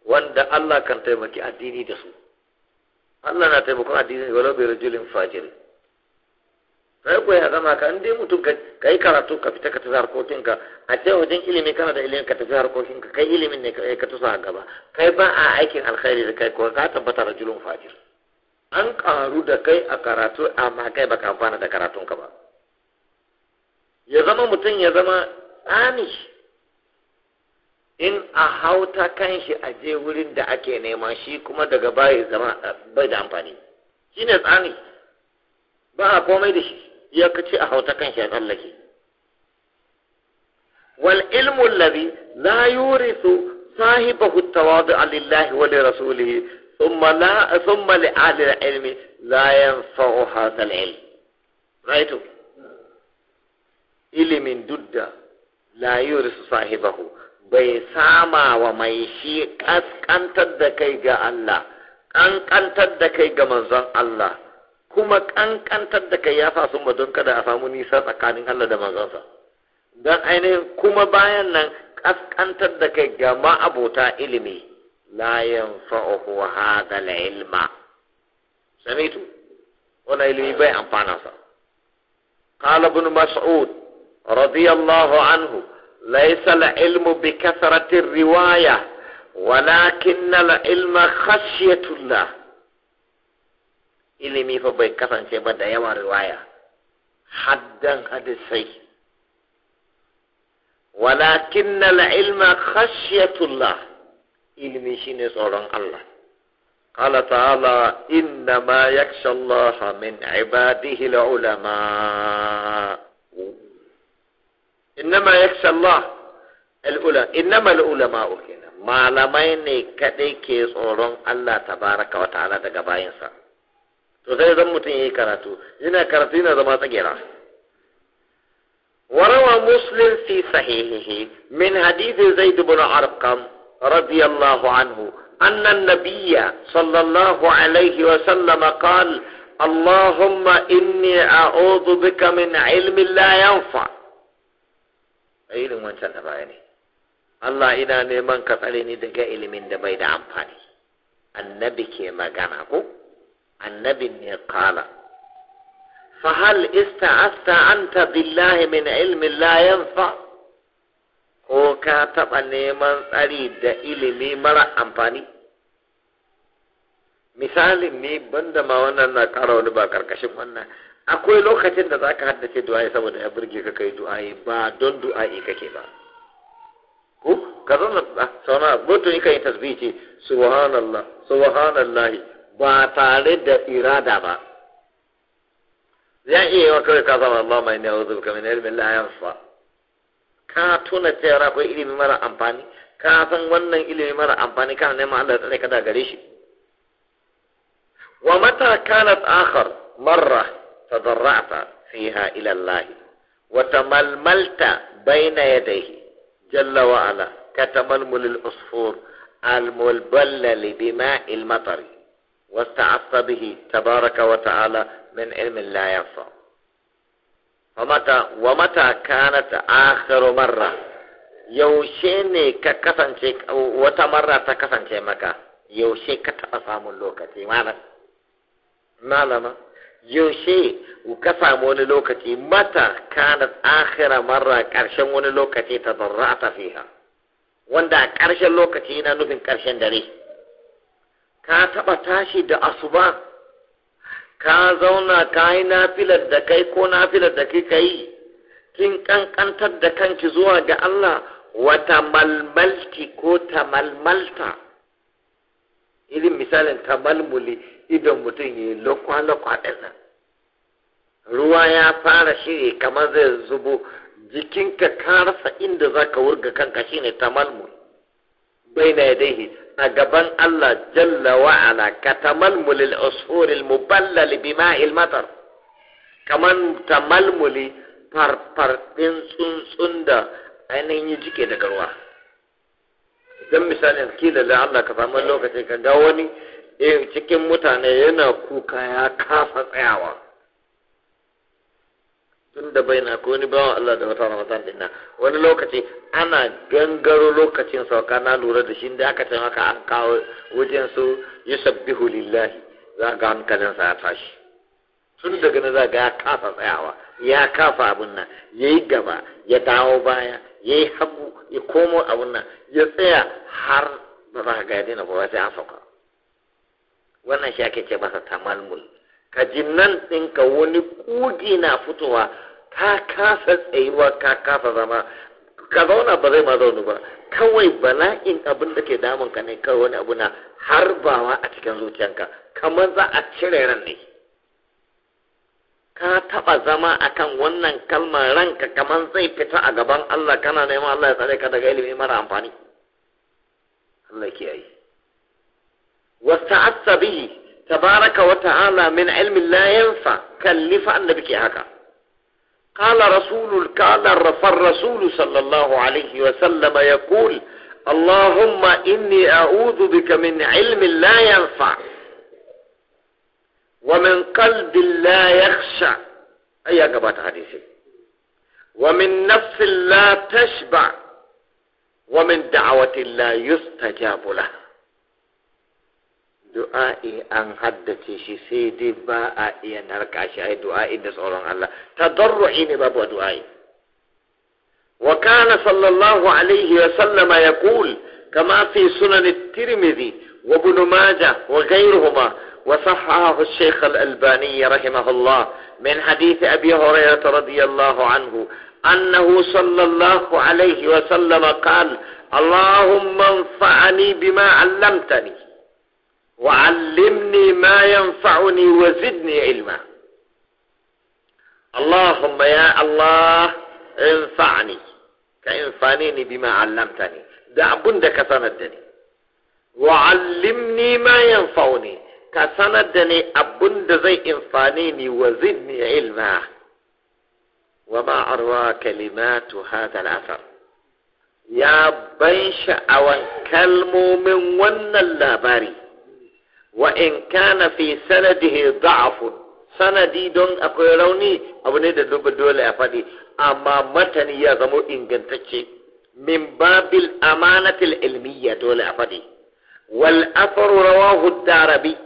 wanda Allah kan taimaki addini da su Allah na taimakon addini wala bi rajulin fajiri sai ko ya zama ka inda mutum ka yi karatu ka fita ka tafi ka, a ce wajen ilimi kana da ilimi ka tafi harkokin ka, kai ilimin ne ka tusa a gaba kai ba a aikin alkhairi da kai ko ka tabbata rajulun fajir an karu da kai a karatu amma kai baka amfana da ka ba ya zama mutum ya zama amish in a hauta kan shi a je wurin da ake nema shi kuma daga baya zama bai da amfani shi ne tsani ba a komai da shi ya kace a hauta kan shi a tsallake wal ilmu alladhi la yurithu sahibahu tawadu lillahi wa li rasulih thumma la thumma li ahli al-ilmi la yanfa'u hadha al-ilm raitu ilimin dudda la yurisu sahibahu bai sama wa mai shi ƙasƙantar da kai ga Allah ƙanƙantar da kai ga manzon Allah kuma ƙanƙantar da kai ya fasu ba don kada a samu nisa tsakanin Allah da manzonsa don ainihin kuma bayan nan ƙasƙantar da kai ga ma'abota ilimi la yanfa'uhu da la'ilma. samitu wani ilimi bai amfana sa Kala bin mas'ud radiyallahu anhu ليس العلم بكثرة الرواية ولكن العلم خشية الله إلي مي فبوي كفان سيبدا يوا رواية حدا حدثي ولكن العلم خشية الله إلي مي شيني صورن الله قال تعالى إنما يخشى الله من عباده العلماء إنما يخشى الله الأولى إنما العلماء كنا malamai ما kaɗai ke tsoron Allah tabaraka wa ta'ala daga bayansa to sai zan mutum yi karatu yana karatu yana zama tsagera وروى مسلم في صحيحه من حديث زيد بن أرقم رضي الله عنه أن النبي صلى الله عليه وسلم قال اللهم إني أعوذ بك من علم لا ينفع a eh, irin wancan na baya ne Allah ina neman ka tsare ni daga ilimin da bai da amfani annabi ke magana ko Annabi ne kala fahal ista'asta anta billahi min ilmin la yanfa ko ka taɓa neman tsari da ilimi mara amfani misalin ne banda ma wannan na ƙara wani ba ƙarƙashin wannan akwai lokacin da za ka haddace du'a'i saboda ya burge ka kai du'a'i ba don du'a'i kake ba Ku ka zauna ah, sauna goto yi kai yi tasbici subhanallah subhanallah ba tare da irada ba Zan iya yawa kawai ka zama Allah mai ne auzu kamar min ilmin layan fa ka tuna cewa akwai ilimi mara amfani ka san wannan ilimi mara amfani ka neman Allah tsare ka da gare shi wa mata kanat akhar marra تضرعت فيها إلى الله وتململت بين يديه جل وعلا كتململ العصفور المبلل بماء المطر واستعصت به تبارك وتعالى من علم لا ينفع ومتى ومتى كانت آخر مرة يوشيني ككسنشي وتمرة تكسنشي مكا يوشيك كتأسام اللوكة مالا معنا ما yaushe ka samu wani lokaci mata kana akhira marra karshen wani lokaci ta zarra'ata fiha wanda a ƙarshen lokaci yana nufin karshen dare ka taɓa tashi da asuba ka zauna ka yi nafilar da kai ko nafilar da kika yi kin ƙanƙantar da kanki zuwa ga Allah wata malmalti ko ta malmalta irin misalin ta malmuli idon mutum yi lokwa-lokwa ɗin nan ruwa ya fara shiri kamar zai zubo jikin ka rasa inda za ka wurga kanka shine tamalmul bai na yadaihi a gaban Allah jalla wa'ala ka tamalmulil usuril muballal bima'il matar kamar tamalmuli farfarɗin tsuntsun da ainihin jike daga ruwa don misalin kila da Allah ka samu lokaci ka ga wani eh cikin mutane yana kuka ya kafa tsayawa tun da bai na ko wani bawan Allah da wata Ramadan din nan wani lokaci ana gangaro lokacin sauka na lura da shi da aka ce maka an kawo wajen su yusabbihu lillahi za ga hankalin sa ya tashi tun daga na ga ya kafa tsayawa ya kafa abin nan yayi gaba ya dawo baya yayi hagu ya komo abin nan ya tsaya har ba za ka ga ya daina ba sai an sauka wannan shi ake ce masa tamalmul ka ji nan ɗinka wani ƙugi na fitowa ka kasa tsayuwa ka kasa zama ka zauna ba zai ma zaunu ba kawai bala'in abin da ke damun ka ne kawai wani abu na harbawa a cikin zuciyanka kamar za a cire ran ne ka taɓa zama akan wannan kalmar ranka kamar zai fita a gaban Allah kana neman Allah ya tsare ka daga ilimi mara amfani Allah kiyaye واستعدت به تبارك وتعالى من علم لا ينفع كلف النبي هكا قال رسول قال فالرسول صلى الله عليه وسلم يقول اللهم إني أعوذ بك من علم لا ينفع ومن قلب لا يخشع أي قبات حديثي ومن نفس لا تشبع ومن دعوة لا يستجاب لها du'a'i an haddace shi sai dai ba a iya narka shi ai du'a'i da tsoron Allah tadarru'i ne babu du'a'i wa kana sallallahu alaihi wa sallama yaqul kama fi sunan at-tirmidhi wa ibn majah wa ghayrihima وصححه الشيخ الألباني رحمه الله من حديث أبي هريرة رضي الله عنه أنه صلى الله عليه وسلم قال اللهم انفعني بما علمتني وعلمني ما ينفعني وزدني علما اللهم يا الله انفعني كإنفانيني بما علمتني دع بندك سندني وعلمني ما ينفعني كسندني أبند زي إنفانيني وزدني علما وما أروى كلمات هذا الأثر يا بنش أو كلمو من ون اللاباري وإن كان في سنده ضعف سندي دون أقولوني أبني دلوب دول أفادي أما متني يزمو إنجن تشي من باب الأمانة العلمية دول أفادي والأثر رواه الداربي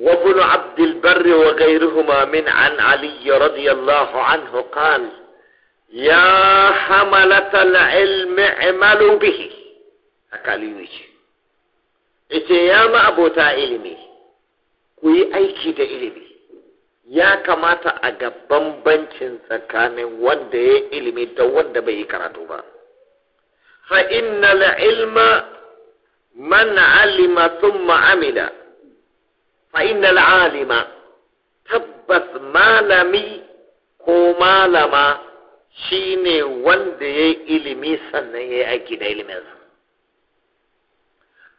وابن عبد البر وغيرهما من عن علي رضي الله عنه قال يا حملة العلم اعملوا به أكاليوشي yace ya ma'abota ilimi ku yi aiki da ilimi ya kamata a ga bambancin tsakanin wanda ya ilimi da wanda bai yi karatu ba fa inna ilma man alima thumma amila fa inna alima tabbas malami ko malama shine wanda ya ilimi sannan ya yi aiki da iliminsa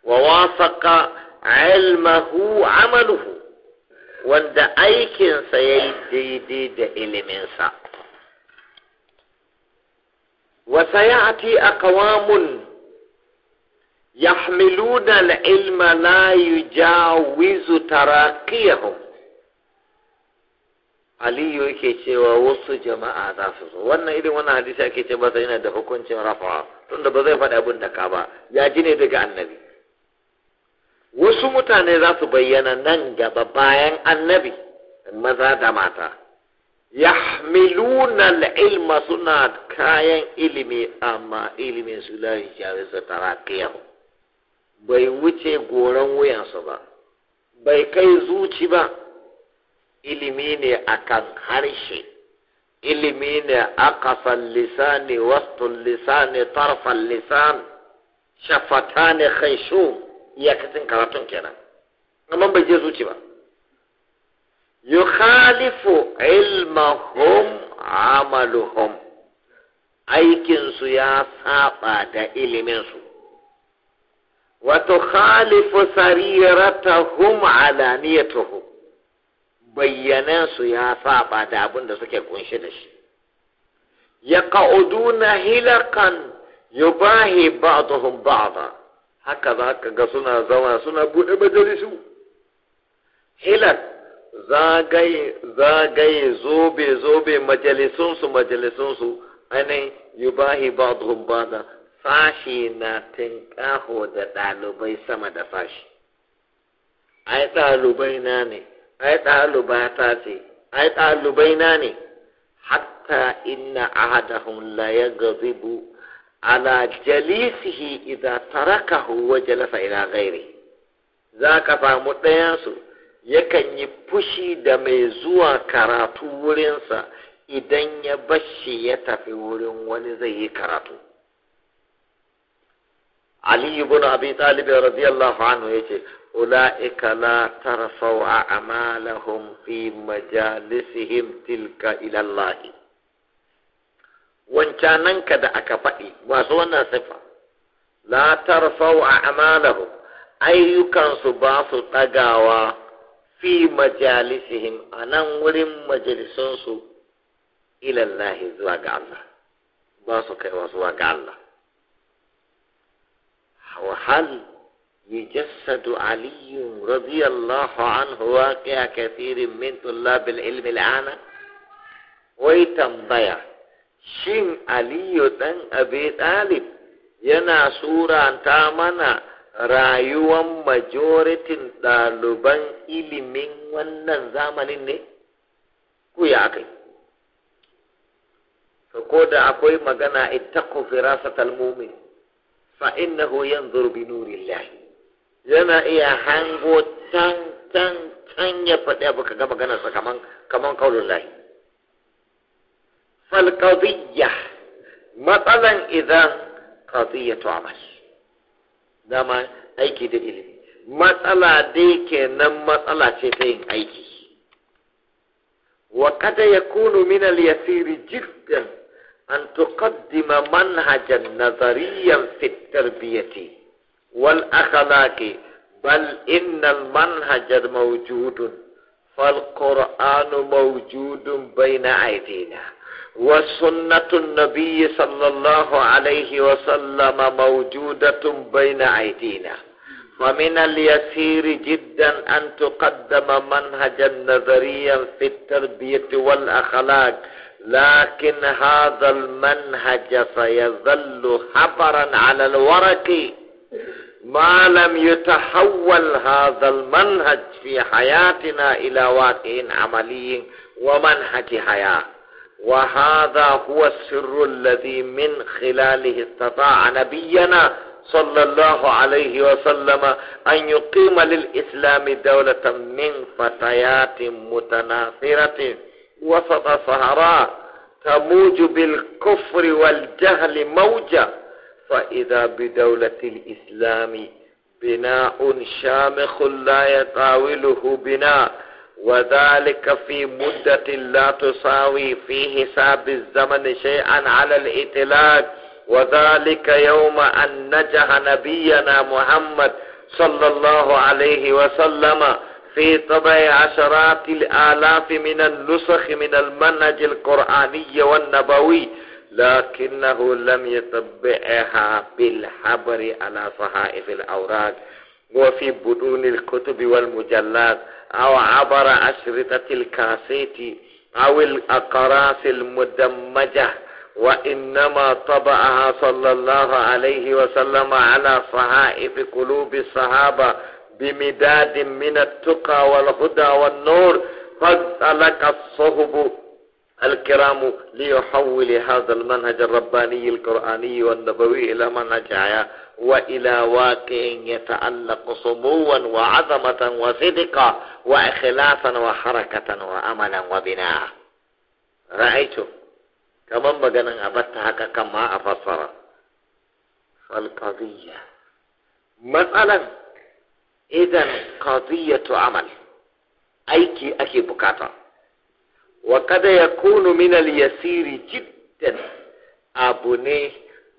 wa wasaqa ilmahu amaluhu wanda aikinsa ya yi daidai da iliminsa wasa ya ati a kawamun yi العلم wizu tara kiyahu. Aliyu yake cewa wasu jama'a za su zo wannan irin wani hadisi ake ce masa yana da hukuncin rafa tunda ba zai faɗi abin da ka ba ya ji ne daga annabi wasu mutane za su bayyana nan gaba bayan annabi maza da mata ya ilma suna kayan ilimi amma ilimin su su tara kiyar bai wuce goron wuyansu ba bai kai zuci ba ilimi ne akan harshe ilimi ne a aqasan lisani wasu lisani tarfan ne kai shu iyakacin karatun kenan amma bai je zuci ba yukhalifu ilmahum amaluhum aikinsu ya saba da iliminsu wato khalifu sariratahum alaniyatuhum bayyanansu ya saba da abin da suke kunshi da shi ya ka'uduna hilakan yubahi ba'dahum ba'da haka za ka ga suna zama suna buɗe majalisu hilal zagaye zagaye zobe zobe majalisunsu majalisunsu ainihin yubahi ba'dhum ba'da sashi na tinkaho da ɗalibai sama da sashi ai ɗalibai na ne ai ɗalibata ce ai ɗalibai na ne hatta inna ahadahum la yaghdhibu ala jalisihi idza tarakahu wa jalasa ila ghairi za ka ɗayan su yakan yi fushi da mai zuwa karatu wurinsa idan ya bashi ya tafi wurin wani zai yi karatu Ali ibn Abi Talib radiyallahu anhu yace ulaika la tarfa'u a'malahum fi majalisihim tilka ila wancananka da aka faɗi masu wannan sifa la tarfau a amalahu ayyukansu ba su ɗagawa fi majalisihim a nan wurin majalisunsu ilallahi zuwa ga Allah ba su kaiwa zuwa ga Allah وهل يجسد علي رضي الله عنه واقع كثير من طلاب العلم الآن tambaya. shin aliyu ɗan abi ɗalib yana suranta mana rayuwan majoritin ɗaliban ilimin wannan zamanin ne ku ya kai? ko da akwai magana ittaqu firasatal mu'min fa innahu yanzuru bi nurillah yana iya hango tan tan tan ya faɗi abu ga magana sa kaman kaman kaulullahi فالقضية مثلا إذا قضية عمل دما أيكي دليل مثلا ديك نم مثلا شفين أيكي وقد يكون من اليسير جدا أن تقدم منهجا نظريا في التربية والأخلاق بل إن المنهج موجود فالقرآن موجود بين أيدينا وسنة النبي صلى الله عليه وسلم موجودة بين أيدينا ومن اليسير جدا أن تقدم منهجا نظريا في التربية والأخلاق لكن هذا المنهج سيظل حبرا على الورق ما لم يتحول هذا المنهج في حياتنا إلى واقع عملي ومنهج حياه وهذا هو السر الذي من خلاله استطاع نبينا صلى الله عليه وسلم أن يقيم للإسلام دولة من فتيات متناثرة وسط صحراء تموج بالكفر والجهل موجة فإذا بدولة الإسلام بناء شامخ لا يطاوله بناء وذلك في مدة لا تساوي في حساب الزمن شيئا على الإطلاق وذلك يوم أن نجح نبينا محمد صلى الله عليه وسلم في طبع عشرات الآلاف من النسخ من المنهج القرآني والنبوي لكنه لم يطبعها بالحبر على صحائف الأوراق وفي بدون الكتب والمجلات أو عبر أشرطة الكاسيت أو الأقراص المدمجة وإنما طبعها صلى الله عليه وسلم على صحائف قلوب الصحابة بمداد من التقى والهدى والنور فانطلق الصهب الكرام ليحول هذا المنهج الرباني القرآني والنبوي إلى منهج حياة وإلى واقع يتعلق صبوا وعظمة وصدقا وإخلاصا وحركة وأملا وبناء رأيت كما مجانا أبتها كما أفسر فالقضية مثلا إذا قضية عمل أيكي أكي بكاتا وقد يكون من اليسير جدا أبني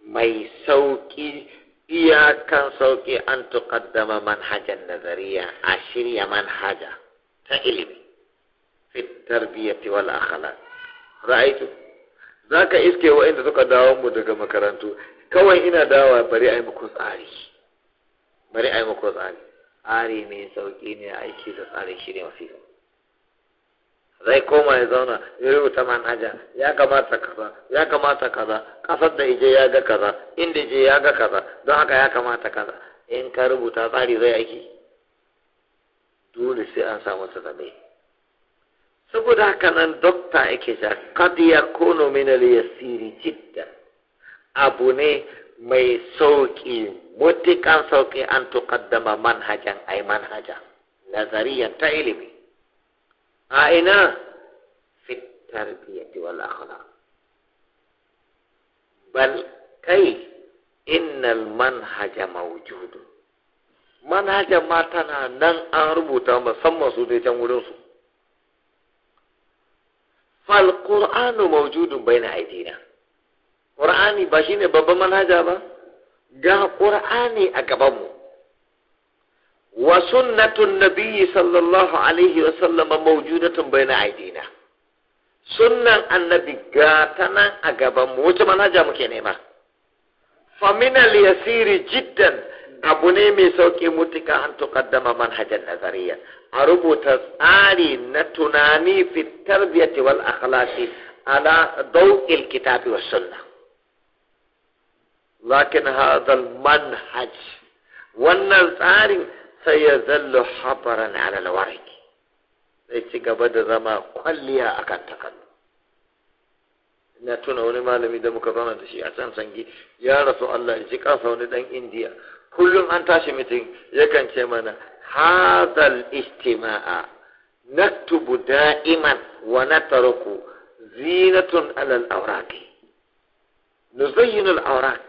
ميسوكي iyakan sauƙi an tuƙaddama manhajan nazariya a shirya manhaja ta ilimi fi tarbiyyati wal akhlaq ra'aitu zaka iske inda suka dawo mu daga makarantu kawai ina dawa bari ai muku tsari bari ai muku tsari tsari mai sauƙi ne aiki da tsarin shirya mafi zai koma ya zauna ya rubuta manhaja ya kamata kaza ya kamata kaza kasar da ije ya ga kaza inda je ya ga kaza don haka ya kamata kaza in ka rubuta tsari zai aiki dole sai an samu tsanabe saboda haka nan dokta yake ja kad kono min yasiri jidda abu ne mai sauƙi mutukan sauki an tukaddama manhajan ai manhaja nazariyan ta ilimi a ina fit tarbiyyati wal akhlaq bal kai innal manhaja mawjudun manhaja ma tana nan an rubuta musamman su dai can wurin su fal qur'anu mawjudun baina aidina qur'ani ba shine babban manhaja ba ga qur'ani a gabanmu وسنة النبي صلى الله عليه وسلم موجودة بين أيدينا سنة النبي قاتنا أقبا موجة من هجا مكينيما فمن اليسير جدا أبو نيمي سوكي متك أن تقدم منهج النظرية أربو تسعالي نتناني في التربية والأخلاق على ضوء الكتاب والسنة لكن هذا المنهج والنظرين sai ya zallo habaran alalwarik zai ci gaba da zama kwalliya kan takalma Ina tuna wani malami da muka zauna da shi a can sangi ya rasu Allah ya ci kasa wani dan indiya kullum an tashi mitin yakan ce mana hadal istima'a naktubu da'iman wa natruku zinatun alal awraq nuzayyinu al awraq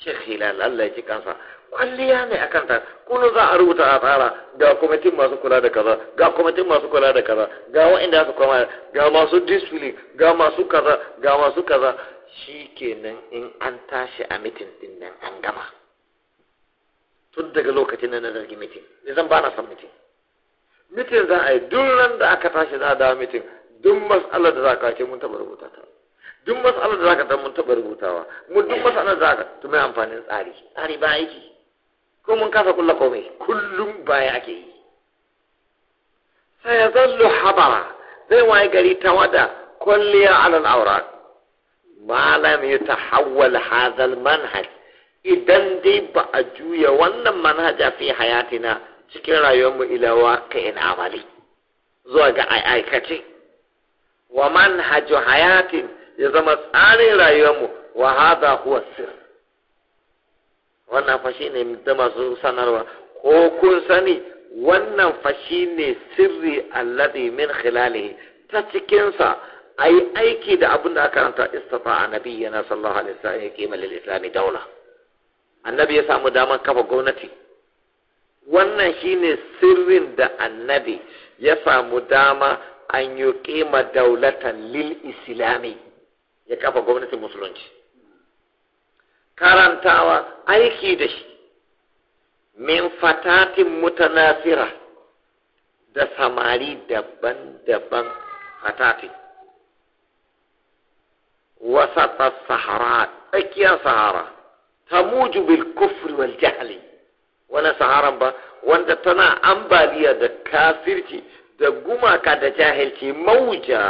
Sheikh Allah ya ci kansa kwalliya ne a kanta kullum za a rubuta a tsara ga kwamitin masu kula da kaza ga kwamitin masu kula da kaza ga wa'inda aka kwama ga masu discipline ga masu kaza ga masu kaza shi kenan in an tashi a mitin din nan an gama tun daga lokacin na, na zargi mitin zan bana san mitin mitin za a yi duk ran da aka tashi za a dawo mitin duk mas'alar da za ka ce mun taɓa rubuta ta duk mas'alar da za ka mun taɓa rubutawa mun duk mas'alar da za ka to mai amfanin tsari tsari ba aiki ko mun kasa kulla komai kullum baya ake yi sai zallu habara zai waye gari tawada kulliya alal aura ma lam yatahawwal hadha al manhaj idan dai ba a juya wannan manhaja fi hayatina cikin rayuwarmu ila waqi'in amali zuwa ga aikace wa manhaju hayatin ya zama tsarin rayuwarmu wa hadha huwa sirr wannan fashi ne da masu sanarwa ko kun sani wannan fashi ne sirri alladhi min khilalihi ta cikinsa a yi aiki da abin da aka ranta istafa a nabi yana sallallahu alaihi wasallam ya kima lil daula annabi ya samu daman kafa gwamnati wannan shine sirrin da annabi ya samu dama an yi kima daulatan lil islami ya kafa gwamnatin musulunci karantawa aiki da shi min fatatin mutanasira da samari daban-daban fatatin wasata sahara tsakiyar sahara ta bil kufri wal jahali wani saharan ba wanda tana ambaliya da kafirci da gumaka da jahilci mauja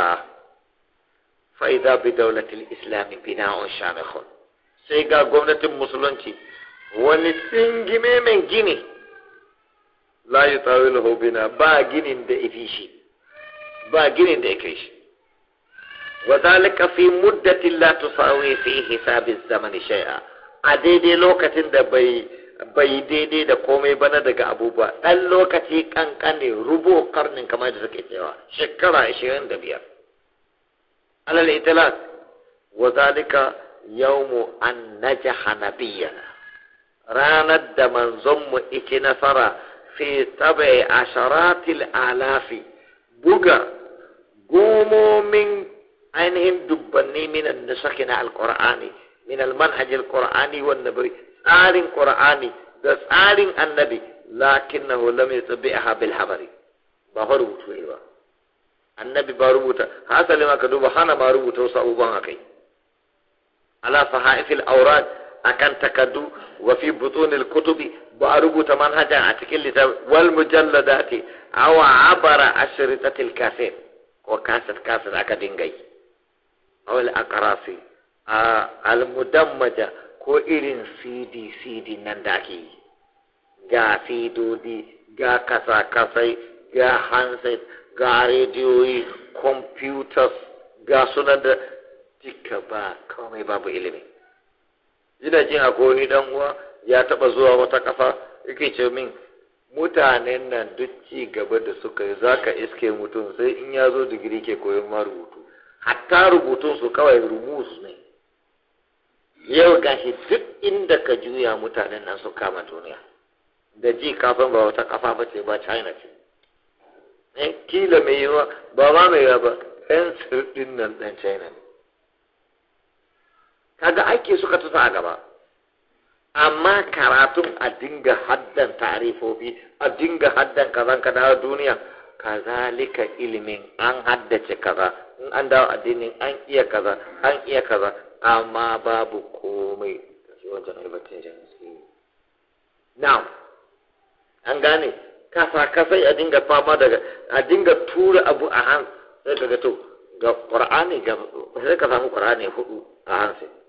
fa'iza bi daulatin islami bina'un shamikhun sai ga gwamnatin musulunci wani tsingime mai gini la yi tawilu hobina ba ginin da ifi shi ba ginin da ya kai shi wa zalika fi muddatin la tusawi fi hisabi zamani shay'a a daidai lokacin da bai bai daidai da komai bana daga abubuwa ɗan lokaci kankane rubo karnin kamar da suke cewa shekara ashirin da biyar alal itilas wa zalika yawmu an najaha nabiyana ranar da manzonmu iki nasara fi tabai asharatil alafi buga gomomin ainihin dubbanni minan nusaki na alkur'ani min almanhaj alkur'ani wan nabi tsarin qur'ani da tsarin annabi lakinnahu lam yutbi'aha bil habari ba rubutu ba annabi ba rubuta hasali ma ka duba hana ma rubuta wasu abubuwan akai ala sahaifil aurat akan takaddu wa fi butunil kutubi ba a rubuta manhaja a cikin littafin wal mujalladati aw abara ashritatil kasir ko kaset-kaset kasir aka dinga yi aw al A al mudammaja ko irin cd cd nan da ake yi ga sidodi ga kasa kasai ga handset ga rediyoyi computers ga sunan da duka ba komai babu ilimi ina jin akwai wani dan uwa ya taba zuwa wata kafa yake ce min mutanen nan duk ci gaba da suka yi zaka iske mutum sai in ya zo digiri ke koyon ma rubutu hatta rubutun su kawai rumus ne yau gashi duk inda ka juya mutanen nan su kama duniya da ji kafin ba wata kafa ba ce ba china ce eh, kila mai yiwa ba ma mai yiwa ba yan sirɗin nan ɗan china ne kaga aiki suka tusa a gaba amma karatun a dinga haddan tarifofi a dinga haddan kazan kaza duniya kazalika ilimin an haddace kaza in an dawo addinin an iya kaza an iya kaza amma babu komai wajen albatin jami'i now an gane kasa kasai a dinga fama daga a dinga tura abu a hannu sai ka to ga ƙwar'ani ga sai ka samu qur'ani hudu a hansi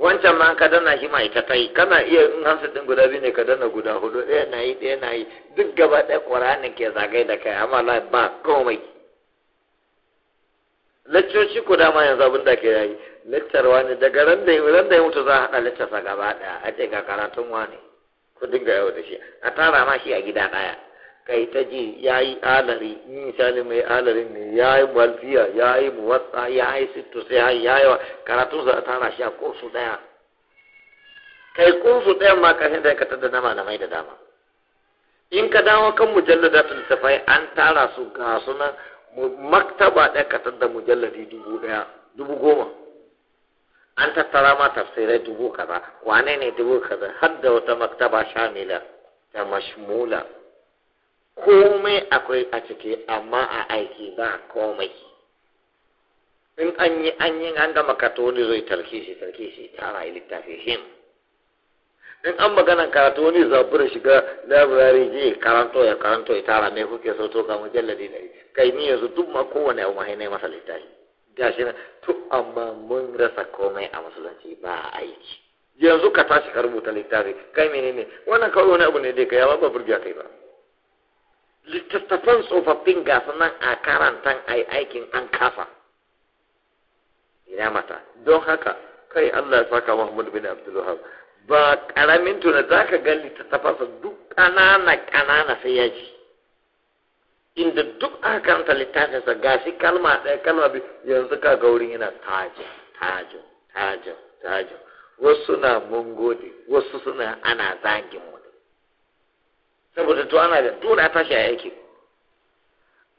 wancan ma ka dana shi mai ta tai kana iya in hamsin din guda biyu ne ka dana guda hudu ɗaya na yi ɗaya na yi duk gaba ɗaya ƙur'anin ke zagaye da kai amma la ba komai laccoci ku dama yanzu abin da ke yayi laccarwa ne daga ran da ran da ya mutu za a haɗa laccarsa gaba ɗaya a ce ga karatun wani ku dinga yau da shi a tara ma shi a gida ɗaya kai ta ji ya yi alari misali mai alarin ne ya yi malfiya ya yi muwatsa ya yi sai ya yi yawa karatun a tara shi a kursu daya kai kursu daya ma ka da ka tada na malamai da dama in ka dawo kan mujallada ta littafai an tara su ga suna maktaba ɗaya ka tada mujalladi dubu ɗaya dubu goma an tattara ma tafsirai dubu kaza wane ne dubu kaza har da wata maktaba shamila da mashmula komai akwai a ciki amma a aiki ba komai in an yi an yi an gama karatu wani zai tarke shi tarke shi tara yi littafi him in an magana karatu wani zabura shiga labirari je karanto ya karanto ya tara mai kuke so to ga mujalladi ne kai ni yanzu duk ma kowane abu mahai ne masa littafi gashi na to amma mun rasa komai a musulunci ba aiki yanzu ka tashi ka rubuta littafi kai menene wannan kawai wani abu ne dai kai yawa ba burgiya kai ba littattafan tsofaffin gasa nan a karantan ai aikin an kafa ina mata don haka kai Allah ya saka Muhammad bin Abdul Wahab ba karamin tuna za ka ga littattafansa duk ƙanana ƙanana sai ya ji inda duk aka karanta littafinsa ga shi kalma ɗaya kalma biyu yanzu ka ga wurin yana tajin tajin tajin tajin wasu na mungode wasu suna ana zagin mu saboda to ana da dole a tashi a aiki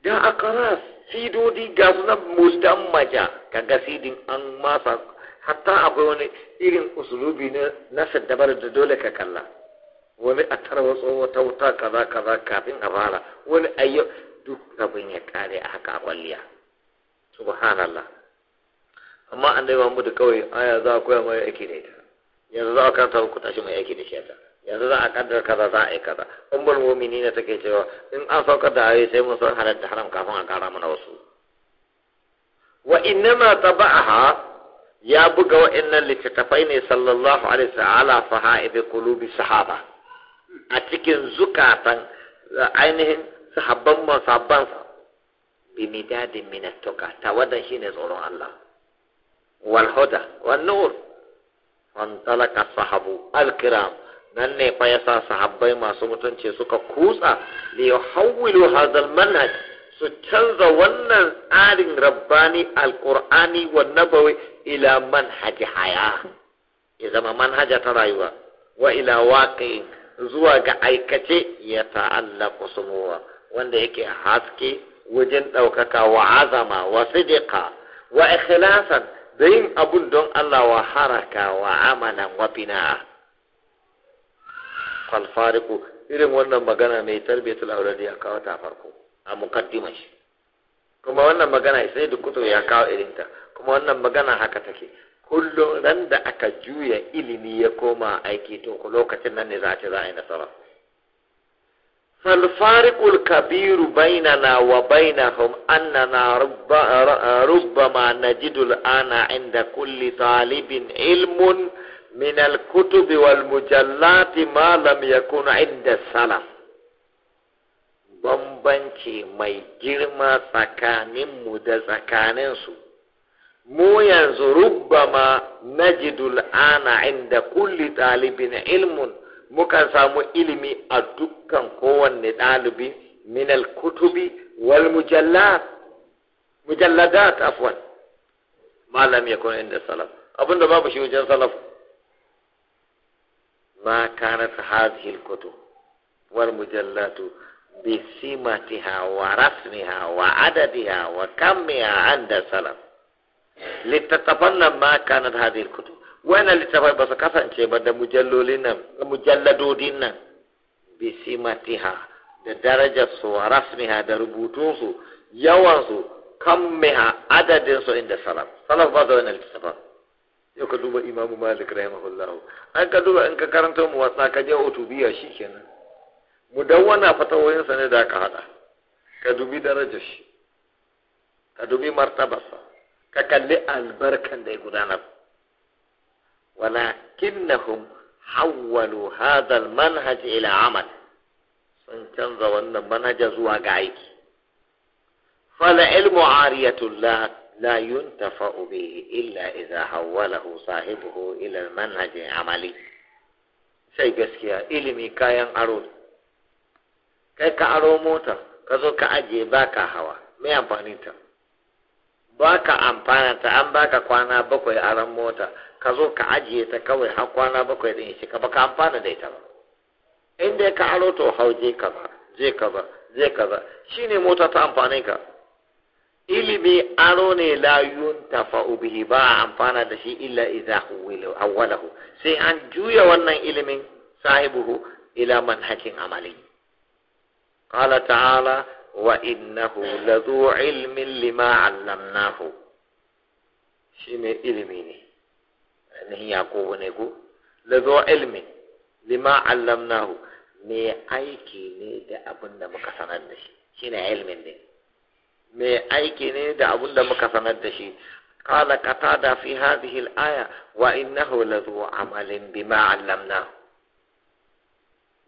da akaras sidodi ga sunan maja ga sidin an masa hatta akwai wani irin usulubi na na dabar da dole ka kalla wani a tarwatso wata wuta kaza kaza kafin a fara wani ayyau duk abin ya kare a haka kwalliya subhanallah amma an dai mu da kawai aya za a koya mai aiki da ita yanzu za a karanta ku tashi mai aiki da shi ta yanzu za a kaddar kaza za a yi kaza mumini mu'minina take cewa in an saukar da ayoyi sai mun san halatta haram kafin a kara mana wasu wa innama taba'aha ya buga wa'annan littattafai ne sallallahu alaihi wa ala faha'id qulubi sahaba a cikin zukatan eh, ainihin sahabban masabban bi midadin min at-tuqa tawadan shine tsoron Allah wal huda wan nur wan sahabu al-kiram nan ne fa yasa sahabbai masu mutunci suka kutsa li yuhawwilu hadal manhaj su canza wannan tsarin rabbani alqur'ani wa nabawi ila manhaj haya ya zama manhaja ta rayuwa wa ila waqi zuwa ga aikace ya ta'allaqu sumuwa wanda yake haske wajen ɗaukaka wa azama wa sidiqa wa ikhlasan da yin abun don Allah wa haraka wa amalan wa bina'a falfariku irin wannan magana mai tarbiyatul auladi ya kawo ta farko a mukaddimar shi kuma wannan magana sai da kuto ya kawo irinta kuma wannan magana haka take kullum ran da aka juya ilimi ya koma aiki to ku lokacin nan ne za a ci za a yi nasara falfarikul kabiru bainana wa bainahum annana rubbama najidul ana inda kulli talibin ilmun min al-kutubi wal mujallati ma lam yakun inda salaf bambanci mai girma tsakaninmu da tsakaninsu mu yanzu rubbama najidul ana inda kulli ɗalibin ilmun mukan samu ilimi a dukkan kowanne ɗalibi minal kutubi wal mujallat mujalladat afwan malam yakun inda salaf abinda babu shi wajen salaf ma kana ta hadhihi alkutu mujallatu bi wa rasmiha wa adadiha wa kamiya anda salam li tatabanna ma kana ta hadhihi alkutu wa ana kasance ba da mujallolin mujalladodin nan bi da daraja wa rasmiha da rubutun yawansu yawan su kamiya adadin su inda salam salam ba da wani tsaba yau ka duba imamu malik rahimahullahu an ka duba in ka karanta mu wasa ka je utubiya shikenan mudawwana fatawoyin sa ne da aka hada ka dubi darajar shi ka dubi martabarsa ka kalli albarkan da ya gudanar walakinnahum hawwalu hadha almanhaj ila amal sun canza wannan manhaja zuwa ga aiki fala ilmu ariyatullah لا ينتفع به إلا إذا حوله صاحبه إلى المنهج العملي sai gaskiya ilimi kayan aro kai ka aro mota ka zo ka ajiye baka hawa mai amfani ta baka amfana ta an baka kwana bakwai aron mota ka zo ka ajiye ta kawai har kwana bakwai din shi ka baka amfana da ita ba inda ka aro to hau je ka ba je ka ba je ka ba shine mota ta amfani ka ilimi aro ne la tafa bihi ba a amfana da shi illa idza awwalahu sai an juya wannan ilimin sahibuhu ila manhajin amali qala ta'ala wa innahu ladhu ilmin lima 'allamnahu shi ne ilimi ne ainihin yakubu ne ko ladhu ilmin lima 'allamnahu ne aiki ne da abin da muka sanar da shi shine ilmin ne. mai aiki ne da abun da muka sanar da shi fi قتادة في aya الآية وإنه لذو amalin بما allamna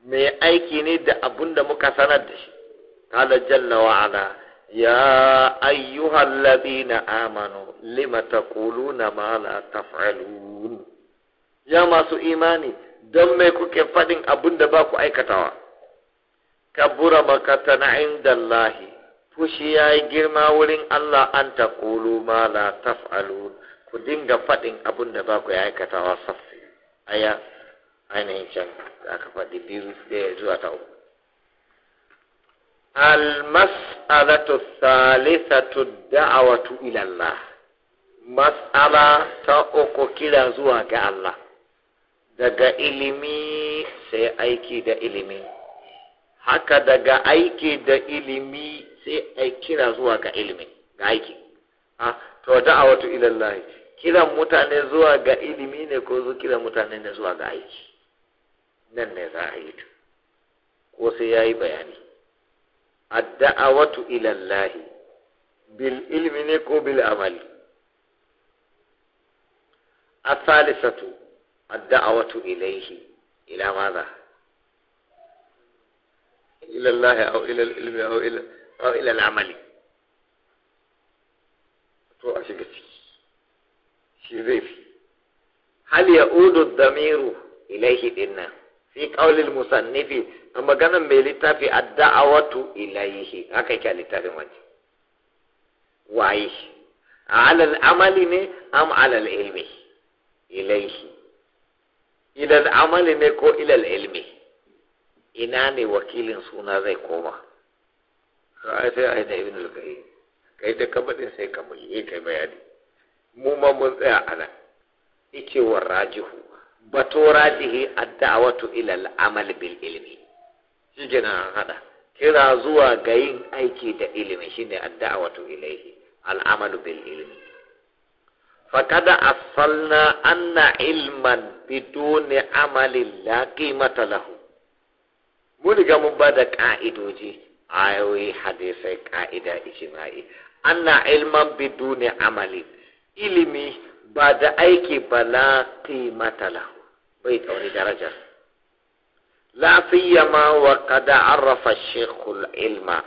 mai aiki ne da abun da muka sanar da shi kala jalla wa ala ya ayyuha alladhina amanu lima taquluna ma la taf'alun ya masu imani don me kuke fadin abun da ba ku aikatawa kabura makatan Allahi. to ya yi girma wurin Allah an ta ƙolo ma la taf'alu ku dinga faɗin abin da ba ku ya aikatawa saffi aya ainihin can za ka faɗi biyu ɗaya zuwa ta uku tu الثالثة الدعوة إلى ta uku kira zuwa ga Allah. daga ilimi sai aiki da ilimi haka daga aiki da ilimi sai ai kira zuwa ga ilimi ga aiki a ah, to da'awatu ila Allah kiran mutane zuwa ga ilimi ne ko zo kiran mutane ne zuwa ga aiki nan ne za a yi to ko sai yayi bayani da a ila Allah bil ilmi ne ko bil amali الثالثة الدعوة ila إلى ila إلى A أو إلى a أو ilallahi. aw ila al'amali to a shiga ciki shi zai fi hal udu damiru ilaihi dinnan fi qaulil musannifi a maganar mai littafi adda'awatu ilaihi haka yake a littafin wani waye ala amali ne am ala ilmi? ilaihi ila amali ne ko ila ilmi? ina ne wakilin suna zai koma ai sai yi da ibn al-qayyim kai da kabadin sai ka yi eh, kai bayani mu ma mun tsaya nan yace wa rajihu bato rajihi ad-da'watu ila al-amal bil ilmi shi kenan hada kira zuwa ga yin aiki da ilimi shine ad-da'watu ilayhi al-amalu bil ilmi فقد أصلنا أن علما بدون عمل لا قيمة له mun riga mun bada ka'idoji. ayoyi hadisai ka'ida ijma'i ana ilman biduni amali ilimi ba da aiki ba la qimata bai tsauri daraja la siyama wa qad arrafa shaykhul ilma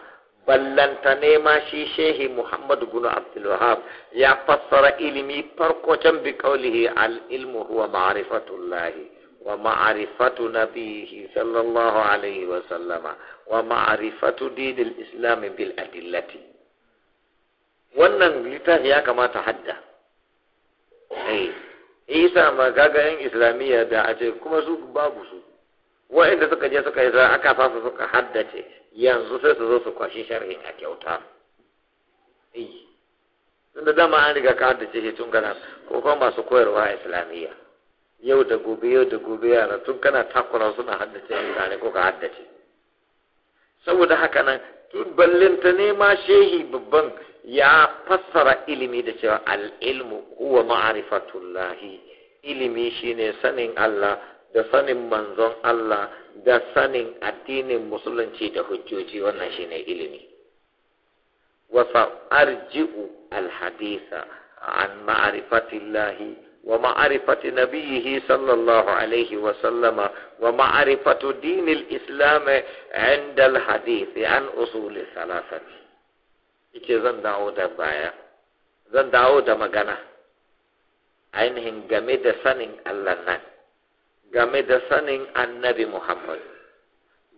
ballanta nema shi shehi muhammad bin abdulwahab ya fassara ilimi farko can bi qawlihi al ilmu huwa ma'rifatullahi ومعرفة نبيه صلى الله عليه وسلم ومعرفة دين الإسلام بالأدلة wannan littafi ya kamata hadda eh, isa ma gaga yan islamiyya da a ce kuma su babu su wa'inda suka je suka yi za aka fasa suka haddace yanzu sai su zo su kwashi sharhin a kyauta eh, tunda dama an riga ka haddace shi tun gana ko kuma masu koyarwa a islamiyya yau da gobe yau da gobe yara tun kana takura suna haddace yara ne ko ka haddace saboda haka nan tun ballinta ne ma shehi babban ya fassara ilimi da cewa al'ilmu huwa ma'arifatullahi ilimi shine sanin Allah da sanin manzon Allah da sanin addinin musulunci da hujjoji wannan shine ilimi wasa arji'u alhadisa an ma'arifatillahi ومعرفة نبيه صلى الله عليه وسلم ومعرفة دين الإسلام عند الحديث عن أصول الثلاثة ike zan dawo da baya zan dawo da magana ainihin game da sanin Allah nan game da sanin annabi Muhammad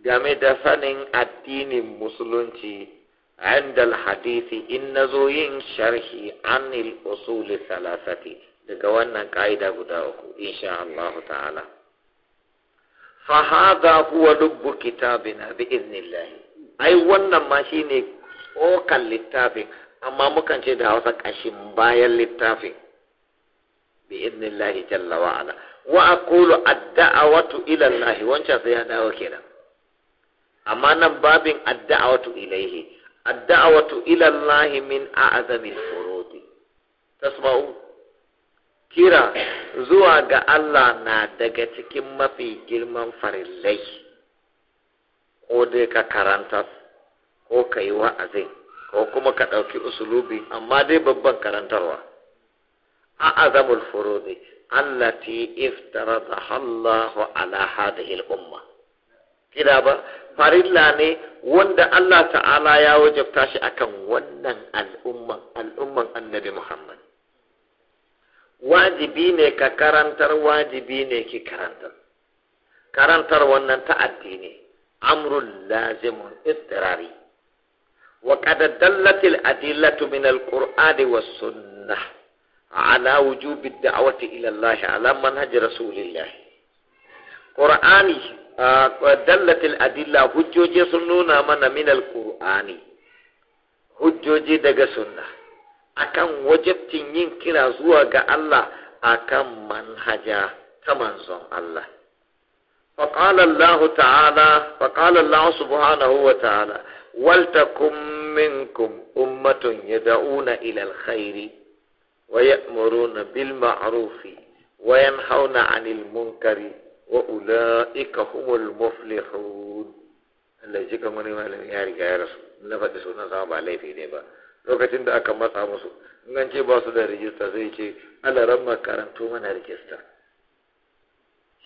game da sanin addinin musulunci عند الحديث إن زوين شرح عن الأصول الثلاثة daga wannan ka'ida guda uku insha Allah ta'ala fa hadha huwa lubbu kitabina bi idnillah ai wannan ma shine tsokan littafin amma mukan ce da Hausa kashin bayan littafin bi idnillah jalla wa ala wa aqulu ad-da'watu ila Allah wancan sai ya dawo kenan amma nan babin ad-da'watu ilayhi ad-da'watu ila Allah min a'zami furudi tasma'u kira zuwa ga Allah na daga cikin mafi girman farillai ko dai ka karanta ko ka yi wa'azin ko kuma ka ɗauki usulubi amma dai babban karantarwa a azamul furudi allati iftarada Allahu ala hadhihi umma kira ba farilla ne wanda Allah ta'ala ya wajabta shi akan wannan al'umman al'umman annabi Muhammad wajibi ne ka karantar wajibi ne ki karantar karantar wannan ta addini amrun lazimun istirari wa qad dallat al adillatu min al qur'ani was sunnah ala wujubi da'wati ila Allah ala manhaj rasulillah qur'ani dallat al adilla hujjoji sun nuna mana min al hujjoji daga sunnah akan wajabcin yin kira zuwa ga Allah akan manhaja ta manzon Allah فقال الله تعالى فقال الله سبحانه وتعالى ولتكن منكم أمة يدعون إلى الخير ويأمرون بالمعروف وينحون عن المنكر وأولئك هم المفلحون الله يجزيكم من يا رجال نفد سنة صعبة عليه في نبأ lokacin da aka matsa musu in an ce ba su da rijista zai ce alaran makarantu mana rijista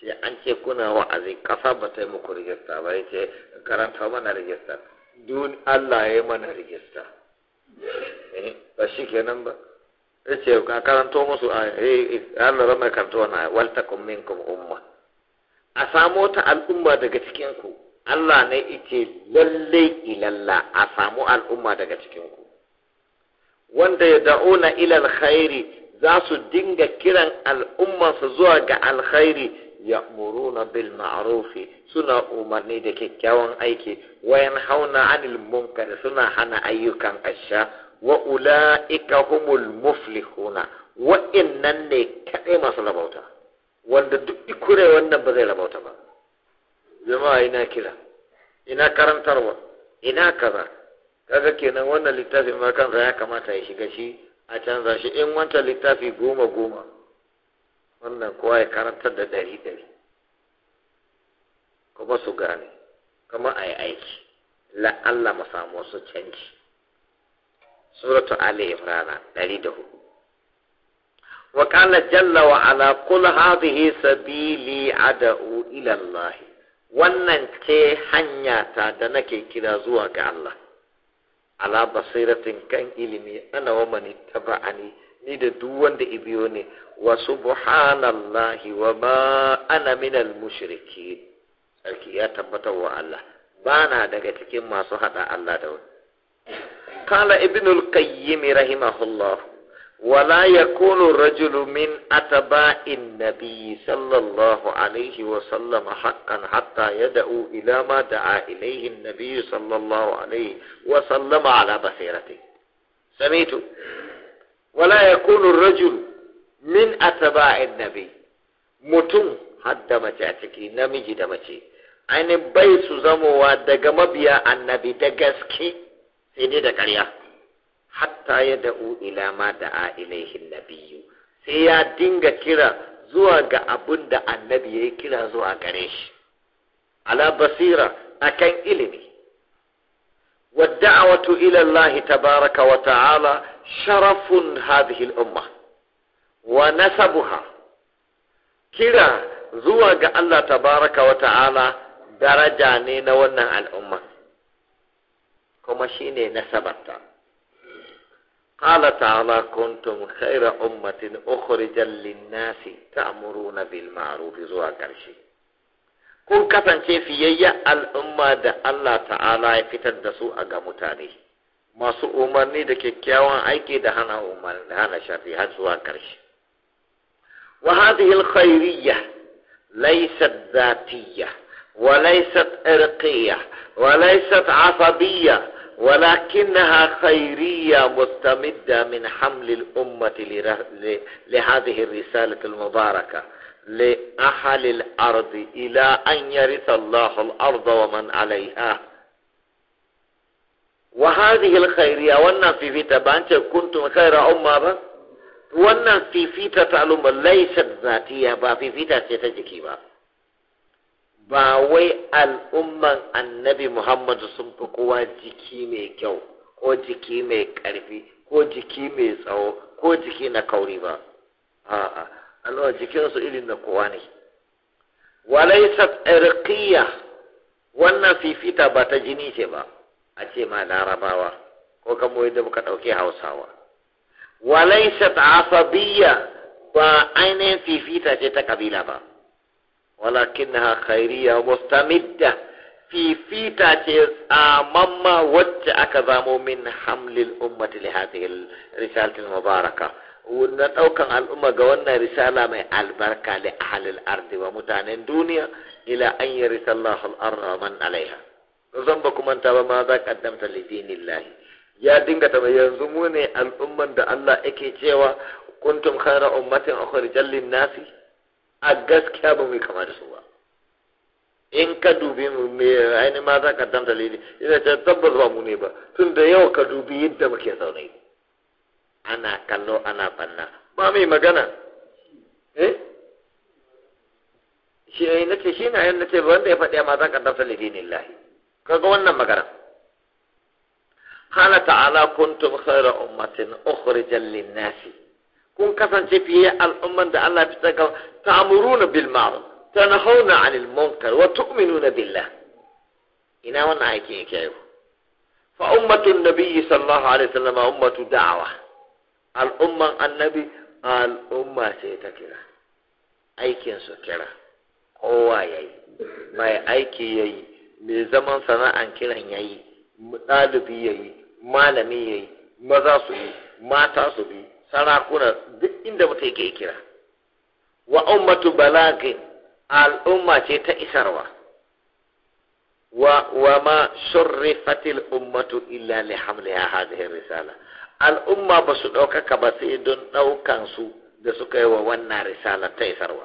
sai an ce kuna wa'azi kasa ba ta yi muku rijista ba yace karanta mana rijista dun Allah ya yi mana rijista eh, ba shi kenan ba ya ce ka karanto musu a eh, eh, alaran makarantu wani min minkum umma a samo ta al'umma daga cikin ku Allah ne ice lalle ilalla a samu al'umma daga cikin ku. wanda ya da'una ila alkhairi za su dinga kiran al'ummarsa zuwa ga alkhairi ya'muruna bil ma'rufi suna umarni da kyakkyawan aiki wayan hauna anil munkar suna hana ayyukan asha wa ula'ika humul muflihuna wa'innan ne kaɗai masu labauta wanda duk ikure wannan ba zai labauta ba jama'a ina kira ina karantarwa ina kaza kaga kenan wannan littafin ma kansa ya kamata ya shiga shi a canza shi in wancan littafi goma goma wannan kowa ya karantar da ɗari ɗari kuma su gane kuma a yi aiki la'alla mu samu wasu canji suratu ali imrana ɗari da hudu wa kala jalla wa ala kul hadhihi sabili ad'u ila allah wannan ce hanya ta da nake kira zuwa ga Allah ala basiratin kan ilimi ana wa mani taba'ani ni da duk wanda ibiyo ne wa subhanallahi wa ma ana minal mushriki sarki ya tabbatar wa Allah bana daga cikin masu hada Allah da wani kala ibnul القيم rahimahullahu wala yakunu rajulu min atba'in nabi sallallahu alaihi wa sallam haqqan hatta yad'u ila ma da'a ilayhi an-nabi sallallahu alaihi wa sallama ala basirati samitu wala yakunu rajulu min atba'in nabi mutum hadda mace a ciki namiji da mace ainihin bai su zamowa daga mabiya annabi da gaske sai da karya hatta ya da'u ila ma da'a ilaihin nabiyyu sai ya dinga kira zuwa ga abun annabi ya kira zuwa gare shi ala basira akan ilimi wa da'awatu ila allah tabaaraka wa ta'ala sharafun hadhihi al-umma wa nasabaha kira zuwa ga allah tabaraka wa ta'ala daraja ne na wannan al-umma kuma shine nasabarta قال تعالى كنتم خير أمة أخرج للناس تأمرون بالمعروف زوا كرشي كل كتن في يي الأمة دا الله تعالى يفتد دسو أغا ما سوء أمرني دا كيكيوان أي كي دا هنا أمر دا هنا شرطي هاد زوا كرشي وهذه الخيرية ليست ذاتية وليست إرقية وليست عصبية ولكنها خيرية مستمدة من حمل الأمة لهذه الرسالة المباركة لأهل الأرض إلى أن يرث الله الأرض ومن عليها وهذه الخيرية وانا في فيتا بانت كنتم خير أمة وانا في فيتا تعلم ليست ذاتية با في فيتا ستجكي با ba wai al'umman annabi Muhammadu sun fi kowa jiki mai kyau ko jiki mai ƙarfi ko jiki mai tsawo ko jiki na kauri ba a'a Allah jikinsu irin na kowa ne walaisat irqiyya wannan fifita ba ta jini ce ba a ce ma larabawa ko kamar da muka ɗauke hausawa walaisat asabiyya ba ainihin fifita ce ta kabila ba walakinnaha khairiyya mustamidda fifita ce tsamamma wacce aka zamo min hamlil ummati li hadhihi risalatil mubaraka na daukan al'umma ga wannan risala mai albarka li ahlil ardi wa mutanen duniya ila an yarisa al-arda man alaiha zan ba kuma ta ba ma za kaddamta li dinillahi ya dinga ta yanzu mu ne al'umman da Allah yake cewa kuntum khayra ummatin ukhrijal lin nasi a gaskiya ba mai kama da su ba in ka dubi mu me ainihin ma za ka dandale ne ina ce tabbas ba mu ne ba tun da yau ka dubi yadda muke zaune ana kallo ana fanna ba mai magana eh shi ne eh, nace shi na yan nace wanda ya faɗi ma za ka dandale ne lahi kaga wannan magana قال تعالى كنتم خير أمة أخرجا للناس kun kasance fiye al'umman da Allah fi tsaka ta'muruna bil ma'ruf na 'anil munkar wa na billa. ina wannan aikin yake yau fa ummatun nabiyyi sallallahu alaihi wasallam ummatu da'awa. al'umman annabi al'umma sai ta kira aikin su kira kowa yayi mai aiki yayi mai zaman sana'an kiran yayi ɗalibi yayi malami yayi maza su yi mata su bi sarakuna duk inda mutum yake kira wa ummatu balagin al'umma ce ta isarwa wa wa ma shurrifatil ummatu illa li hamliha hadhihi risala al'umma ba su ɗaukaka ba sai don ɗaukan su da suka yi wa wannan risala ta isarwa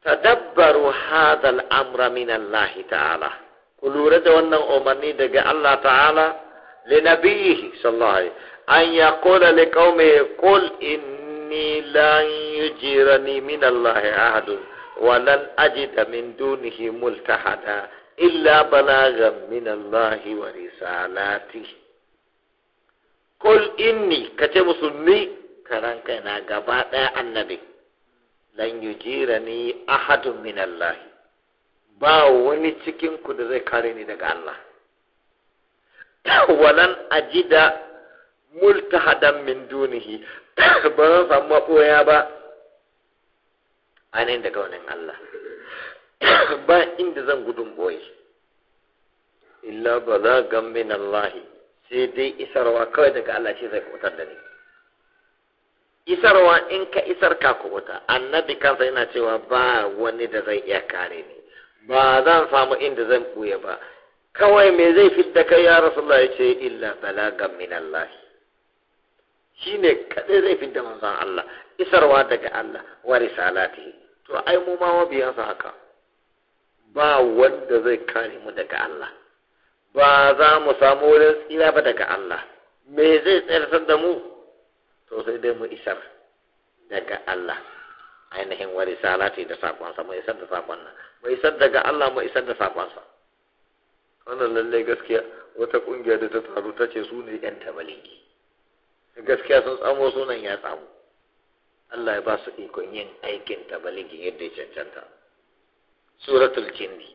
tadabbaru hadha amra min Allah ta'ala ku lura da wannan umarni daga Allah ta'ala li nabiyhi sallallahu alaihi an ya kola li kaume kul inni lan yujirani min Allah ahadun wa lan ajida min dunihi multahada illa ga min Allah wa risalati kul inni kace musulmi karan kaina gaba daya annabi lan yujirani Ahadu min Allah ba wani cikin ku da zai kare ni daga Allah walan ajida multahadan min dunihi ba zan samu maɓoya ba ainihin daga wani Allah ba inda zan gudun boye illa ba za gan min Allah sai dai isarwa kawai daga Allah ce zai kubutar da ni isarwa in ka isar ka kubuta annabi kansa yana cewa ba wani da zai iya kare ni ba zan samu inda zan ɓuya ba kawai me zai fidda kai ya Allah ya ce illa balagan min Allah shi ne kaɗai zai fi da manzan Allah isarwa daga Allah wa risalati to ai mu ma mabiyansa haka ba wanda zai kare mu daga Allah ba za mu samu wurin tsira ba daga Allah me zai tsayar da mu to sai dai mu isar daga Allah ainihin wa risalati da sakonsa mu isar da sakon nan mu isar daga Allah mu isar da saƙonsa wannan lallai gaskiya wata ƙungiya da ta taru ta ce su ne yan tabaliki gaskiya sun tsamo sunan ya tsamu Allah ya ba su ikon yin aikin baligi yadda ya cancanta suratul kindi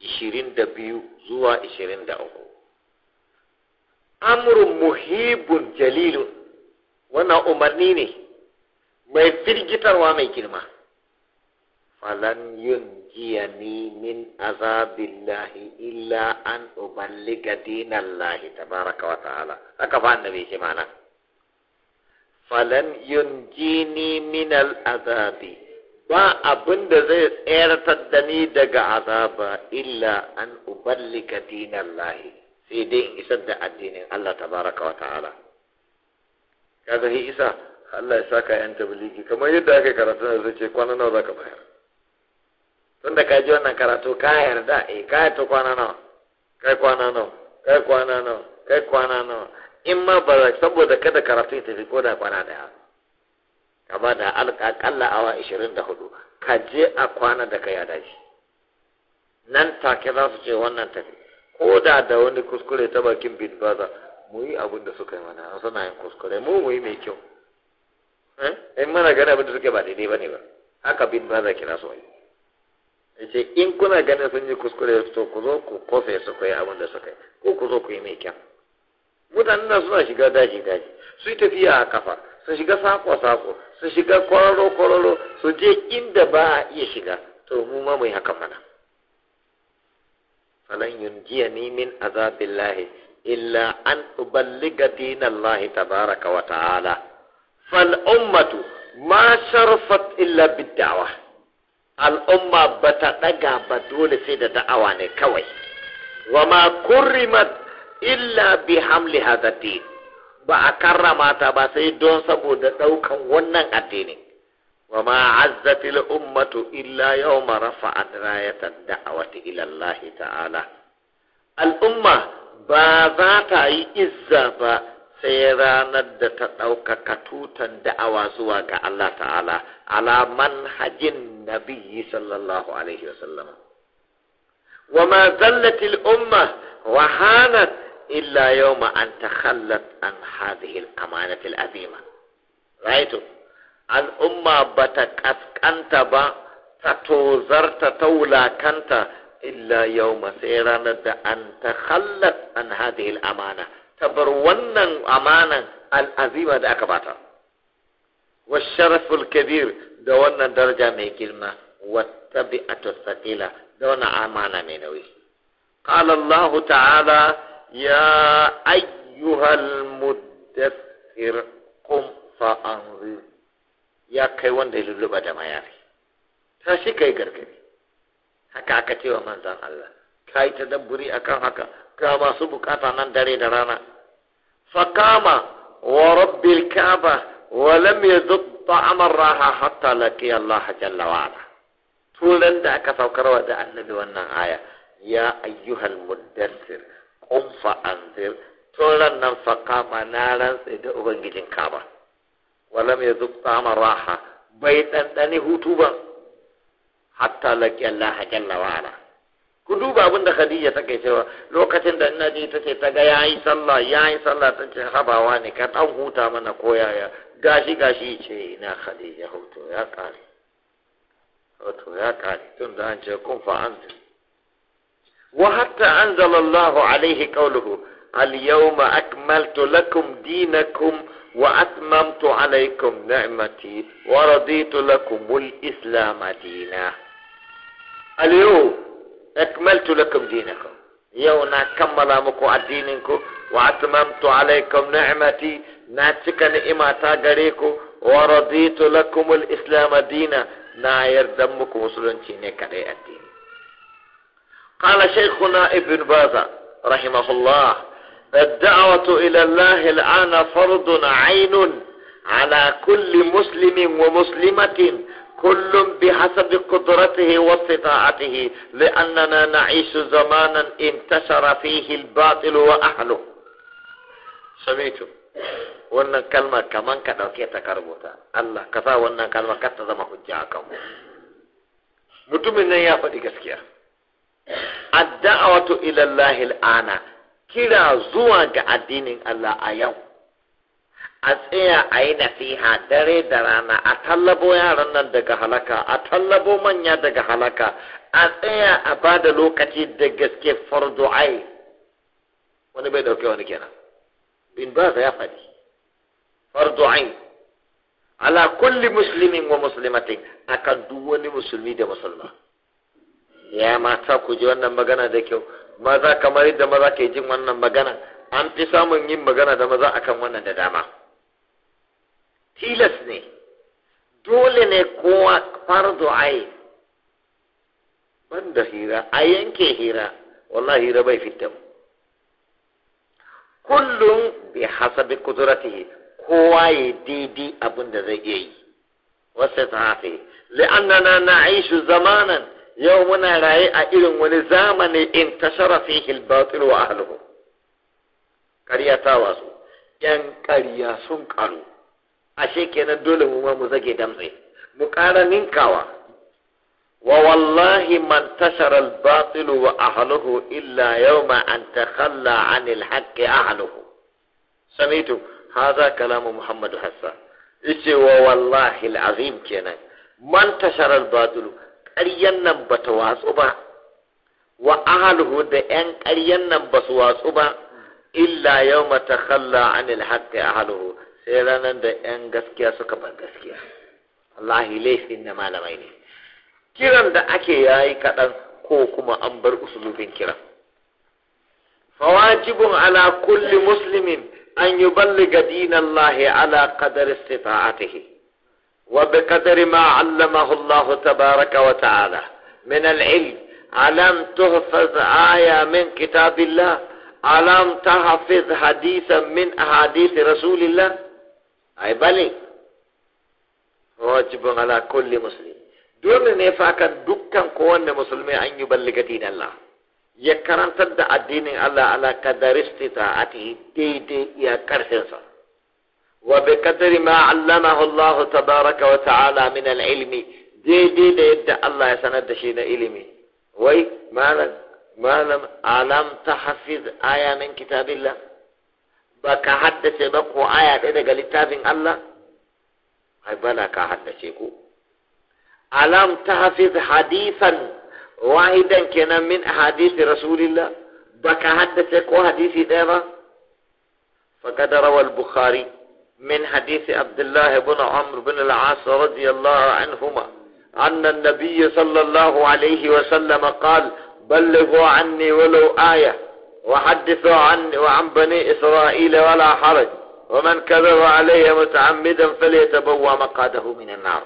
ishirin da biyu zuwa ishirin da uku amurin muhibun jalilun wannan umarni ne mai firgitarwa mai girma falan yun jiyani min azabillahi illa an uballiga dinallahi tabaraka wa ta'ala aka fa annabi shi ma'ana falan yunjini minal azabi ba abin da zai tsayartar da ni daga azaba illa an uballika dinan lahi sai dai isar da addinin Allah tabaraka wa ta'ala ka zahi isa Allah ya saka yan tabligi kamar yadda aka karatu na zai ce kwana nawa zaka bayar tun da ka ji wannan karatu ka yarda eh ka ta kwana nawa kai kwana nawa kai kwana nawa kai kwana nawa in ma ba saboda kada karatu ta fi ko da kwana daya ba da alƙaƙalla awa ishirin da hudu ka je a kwana da ka yada shi nan take za su ce wannan tafi ko da da wani kuskure ta bakin bin baza mu yi abin da suka yi mana suna yin kuskure mu mu yi mai kyau eh? in mana gani abin da suke ba daidai ba ne ba haka bin baza kira su wani ce in kuna ganin sun yi kuskure to ku zo ku kofe su kai yi abin da suka yi ko ku zo ku yi mai kyau mutanen na suna shiga daji daji su yi tafiya a kafa su shiga sako sako su shiga kwararo kwararo su je inda ba a iya shiga to mu ma mu haka mana falan jiya ni min azabillahi illa an uballiga dinallahi tabaraka wa ta'ala fal ummatu ma sharfat illa bid'awa al'umma bata daga ba dole sai da da'awa ne kawai wa ma kurrimat illa bi hamli hadha ba a karrama ta ba sai don saboda ɗaukan wannan addinin wa ma azzatil ummatu illa yawma rafa'at rayatan da'wati ila Allah ta'ala al'umma ba za ta yi izza ba sai ranar da ta ɗaukaka tutan da'awa zuwa ga Allah ta'ala ala manhajin nabiyyi sallallahu alaihi wa sallama wa ma zallatil umma wa hanat إلا يوم أن تخلت عن هذه الأمانة العظيمة رأيتم الأمة بتكسكنت با تتوزرت تولا كنت إلا يوم سيران أن تخلت عن هذه الأمانة تبرونن أمانة العظيمة باتا والشرف الكبير دون درجة من كلمة والتبئة الثقيلة دون أمانة منوي قال الله تعالى يا أيها المدثر قم فأنظر ya كيوان دي للبا دمياري تاشي كي غرغري haka aka ce wa manzan Allah ka yi tadabburi akan haka ga masu bukata nan dare da rana fakama wa rabbil kaaba wa lam yadhq ta'ama raha hatta laqiya Allah jalla wa ala da aka saukarwa da annabi wannan aya ya ayyuhal muddassir umfa anzir tun ran nan fa kama na rantse da ubangijin kaba walam ya zuk tsama raha bai ɗanɗani hutu ba hatta laƙi Allah jalla wa ku duba abin da Khadija ta kai cewa lokacin da ina ji ta ce ta ga yayi sallah yayi sallah ta ce habawa ne ka ɗan huta mana ko yaya gashi gashi ce ina Khadija hutu ya kare hutu ya kare tun da an ce kun fa'antu وحتى أنزل الله عليه قوله اليوم أكملت لكم دينكم وأتممت عليكم نعمتي ورضيت لكم الإسلام دينا اليوم أكملت لكم دينكم يونا كمل مكو دينكم وأتممت عليكم نعمتي ناتك نعمة تاغريكو ورضيت لكم الإسلام دينا نا يردمكم مسلمين كده الدين قال شيخنا ابن باز رحمه الله الدعوة إلى الله الآن فرض عين على كل مسلم ومسلمة كل بحسب قدرته واستطاعته لأننا نعيش زمانا انتشر فيه الباطل وأهله سميته وانا كلمة كمان كده كي تكربوتا الله كفا وانا كلمة كتا زمان حجاكم متو من نيافة دي كسكيه adda'awatu ila Allah ana kira zuwa ga addinin Allah a yau a tsaya a yi nasiha dare da rana a tallabo yaran nan daga halaka a tallabo manya daga halaka a tsaya a ba da lokaci da gaske fardu'ai wani bai dauke wani kenan bin ba ya faɗi fardu'ai ala kulli muslimin wa muslimatin akan duk wani musulmi da musulma ya mata ku ji wannan magana da kyau maza kamar yadda maza ke jin wannan magana an fi samun yin magana da maza akan wannan da dama tilas ne dole ne kowa farzo ai banda hira a yanke hira wallahi hira bai fita kullum bi hasabi kudratihi kowa ya daidai abin da zai iya yi wasu ta hafi li'annana na'ishu zamanan yau muna raye a irin wani zamani in tashara fihi al-batil wa ahlihi karyatawa su yan karya sun karu ashe kenan dole mu ma mu zage damtse mu ƙara ninkawa wa wallahi man tashara al-batil wa ahlihi illa yawma an takhalla 'an al-haqq ahlihi samitu hadha kalamu muhammad hassan yace wa wallahi al-azim kenan man tashara al ƙaryan nan ba ta watsu ba wa ahalhu da ‘yan ƙaryan nan ba su watsu ba illa yau mata kalla an anil haƙƙi ahalhu sai ranar da ‘yan gaskiya suka bar gaskiya Allahi laifin na malamai ne kiran da ake yayi kaɗan ko kuma an bar usulubin kiran fawajibun ala kulli muslimin an yi dinan dinallahi ala a istita'atihi وبقدر ما علمه الله تبارك وتعالى من العلم ألم تحفظ آية من كتاب الله ألم تحفظ حديثا من أحاديث رسول الله أي بلي واجب على كل مسلم دون نفاق دكان كون مسلم أن يبلغ دين الله يكرن تد الدين الله على قدر استطاعته دي دي يا كرسنسا وبقدر ما علمه الله تبارك وتعالى من العلم دي دي دي يبدا الله يسند شيء علمي وي ما لم ما لم علم تحفظ آية من كتاب الله بك حدث بقو آية إذا لتاب الله أي بلا كحدث يكو علم تحفظ حديثا واحدا كنا من أحاديث رسول الله بك حدث كو حديث دابا فقد روى البخاري من حديث عبد الله بن عمرو بن العاص رضي الله عنهما أن النبي صلى الله عليه وسلم قال بلغوا عني ولو آية وحدثوا عني وعن بني إسرائيل ولا حرج ومن كذب علي متعمدا فليتبوى مقاده من النار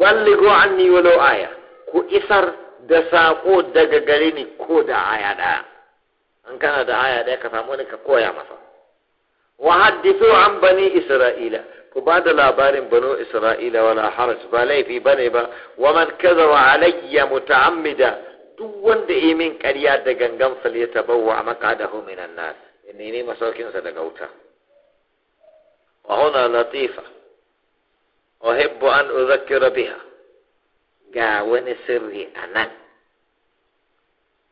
بلغوا عني ولو آية كو isar دساقو saƙo daga gare ni ko da aya ɗaya an kana da aya wa haddisu an bani isra'ila ku ba da labarin banu isra'ila wala haraj ba laifi bane ba wa man kadhaba alayya muta'ammida duk wanda yi min karya da gangan fal ya tabawwa maqadahu minan nar ne ne daga wuta wa huna latifa uhibbu an udhakkira biha ga wani sirri anan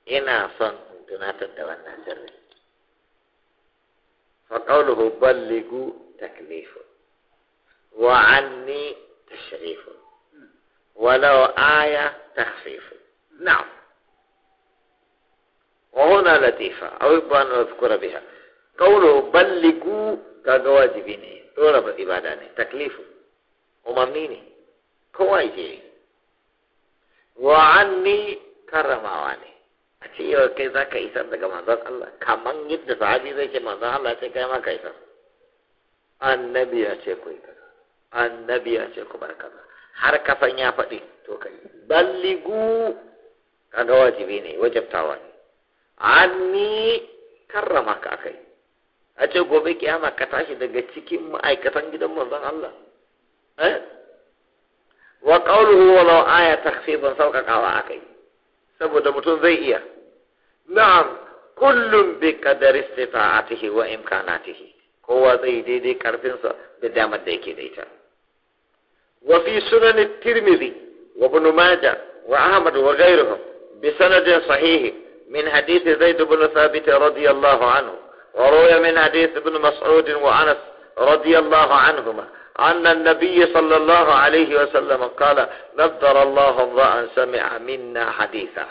ina son tunatar da wannan sirri فقوله بلغوا تكليف وعني تشريف ولو آية تخفيف نعم وهنا لطيفة أو أن أذكر بها قوله بلغوا كواجب طلب إباداني ba أمميني ne وعني كرمواني a ce yau kai za ka isar daga manzon Allah kamar yadda sahabi zai ce manzon Allah ce kai ma ka isar annabi ya ce ku kaza annabi ya ce ku bar kaza har kafan ya faɗi to kai balligu kaga wajibi ne wajabtawa ne anni karrama ka kai a ce gobe kiyama ka tashi daga cikin ma'aikatan gidan manzon Allah eh wa qawluhu walau aya takhfifan sauƙaƙawa akai saboda mutum zai iya na'am kullum bi kadari istifa'atihi wa imkanatihi kowa zai daidai karfin sa da damar da yake da ita wa fi sunan tirmidhi wa ibn majah wa ahmad wa ghayruhum bi sanadin sahih min hadith zaid ibn thabit radiyallahu anhu وروي من حديث ابن مسعود وأنس رضي الله عنهما أن النبي صلى الله عليه وسلم قال نذر الله امرأ سمع منا حديثا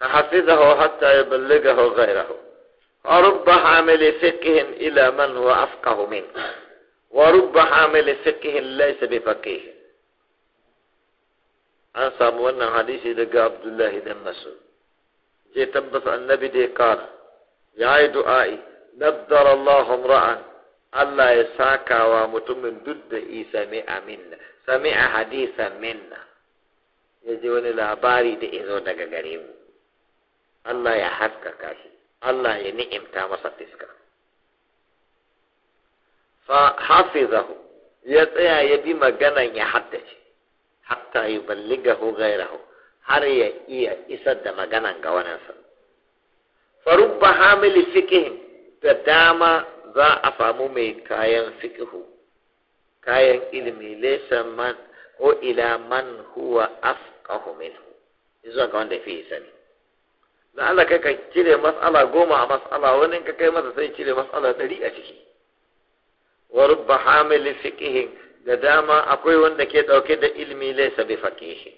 فحفظه حتى يبلغه غيره ورب حامل فقه إلى من هو أفقه منه ورب حامل فقه ليس بفقيه أنا samu حديثي لقى عبد الله بن مسعود جيت النبي annabi dai kara ya yi du'a'i naddara Allah ya Saka wa mutumin duk da isa mai aminna sami a hadisan minna ya ji wani labari da izo daga gare mu Allah ya haskaka shi Allah ya ni'imta masa fiska fa zahu, ya tsaya ya bi maganan ya shi, hatta yuballighahu har ya iya isar da maganan ga waninsa farubba hamili fiqh da dama za a famu mai kayan fikihu kayan ilimi lesan man ko ila man huwa afqahu minhu zuwa ga wanda fi sani na Allah kai ka cire mas'ala goma a mas'ala wani ka kai masa sai cire mas'ala ɗari a ciki wa rubba hamil fiqh da dama akwai wanda ke dauke da ilimi laysa bi faqih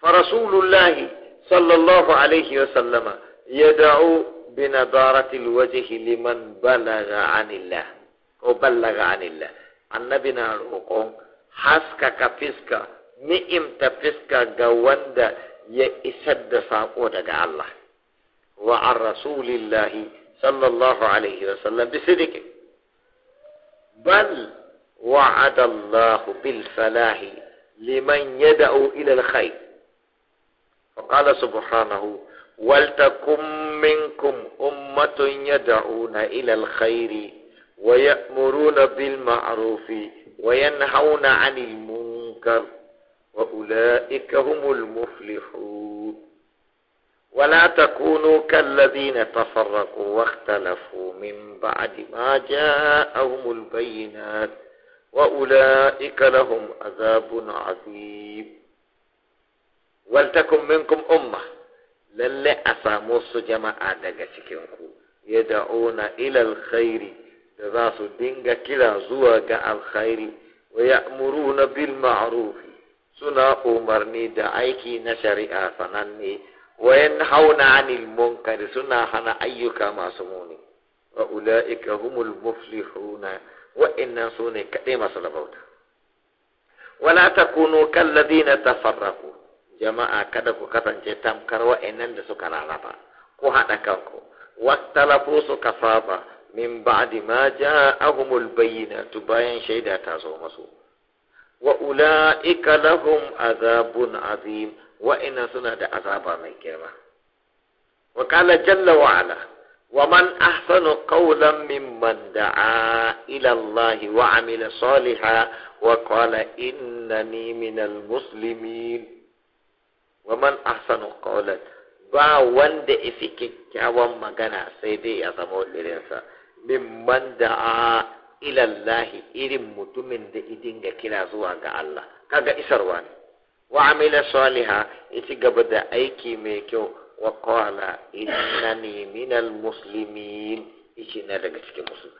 fa rasulullahi sallallahu alaihi wa sallama yad'u بنظاره الوجه لمن بلغ عن الله وبلغ عن الله ان بنا الحكم حسك كفسك ميم تفسك غوند يا اسد ساقو دغ الله وعن رسول الله صلى الله عليه وسلم بصدق بل وعد الله بالفلاح لمن يدعو الى الخير فقال سبحانه ولتكن منكم أمة يدعون إلى الخير ويأمرون بالمعروف وينهون عن المنكر وأولئك هم المفلحون ولا تكونوا كالذين تفرقوا واختلفوا من بعد ما جاءهم البينات وأولئك لهم عذاب عظيم ولتكن منكم أمة lalle a samu su jama'a daga cikin ku na ila khairi da za su dinga kira zuwa ga alkhairi wa ya'muruna bil ma'ruf suna umarni da aiki na shari'a sananne wa yanhauna 'anil munkari suna hana ayyuka masu muni wa ula'ika humul muflihuna wa'annan su ne kaɗai masu labauta wala takunu kalladina tafarraqu jama'a kada ku kasance tamkar wa'annan da suka rarraba ku haɗa kanku wastalafu su kasafa min ba'di ma ja'ahumul bayyinatu bayan shaida ta zo masu wa ula'ika lahum azabun azim wa'annan suna da azaba mai girma wa qala jalla wa ala wa man ahsanu qawlan mimman da'a ila Allah wa amila salihan wa qala innani minal muslimin wa man ahsanu qawlan ba wanda ifi kyakkyawan magana sai dai ya zama irinsa mimman da ila Allah irin mutumin da idin ga kira zuwa ga Allah kaga isarwa ne wa amila saliha ci gaba da aiki mai kyau wa qala innani minal muslimin ishi na daga cikin musulmi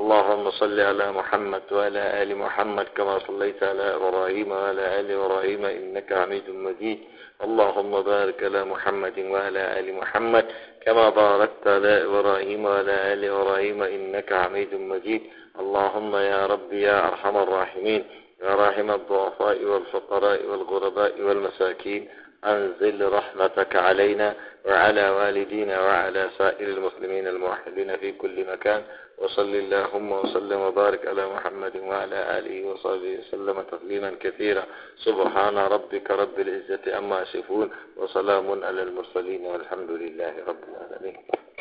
اللهم صل على محمد وعلى آل محمد كما صليت على إبراهيم وعلى آل إبراهيم إنك عميد مجيد اللهم بارك على محمد وعلى آل محمد كما باركت على إبراهيم وعلى آل إبراهيم إنك عميد مجيد اللهم يا ربي يا أرحم الراحمين يا راحم الضعفاء والفقراء والغرباء والمساكين أنزل رحمتك علينا وعلى والدينا وعلى سائر المسلمين الموحدين في كل مكان وصل اللهم وسلم وبارك على محمد وعلى آله وصحبه وسلم تسليما كثيرا سبحان ربك رب العزة أما يصفون وسلام على المرسلين والحمد لله رب العالمين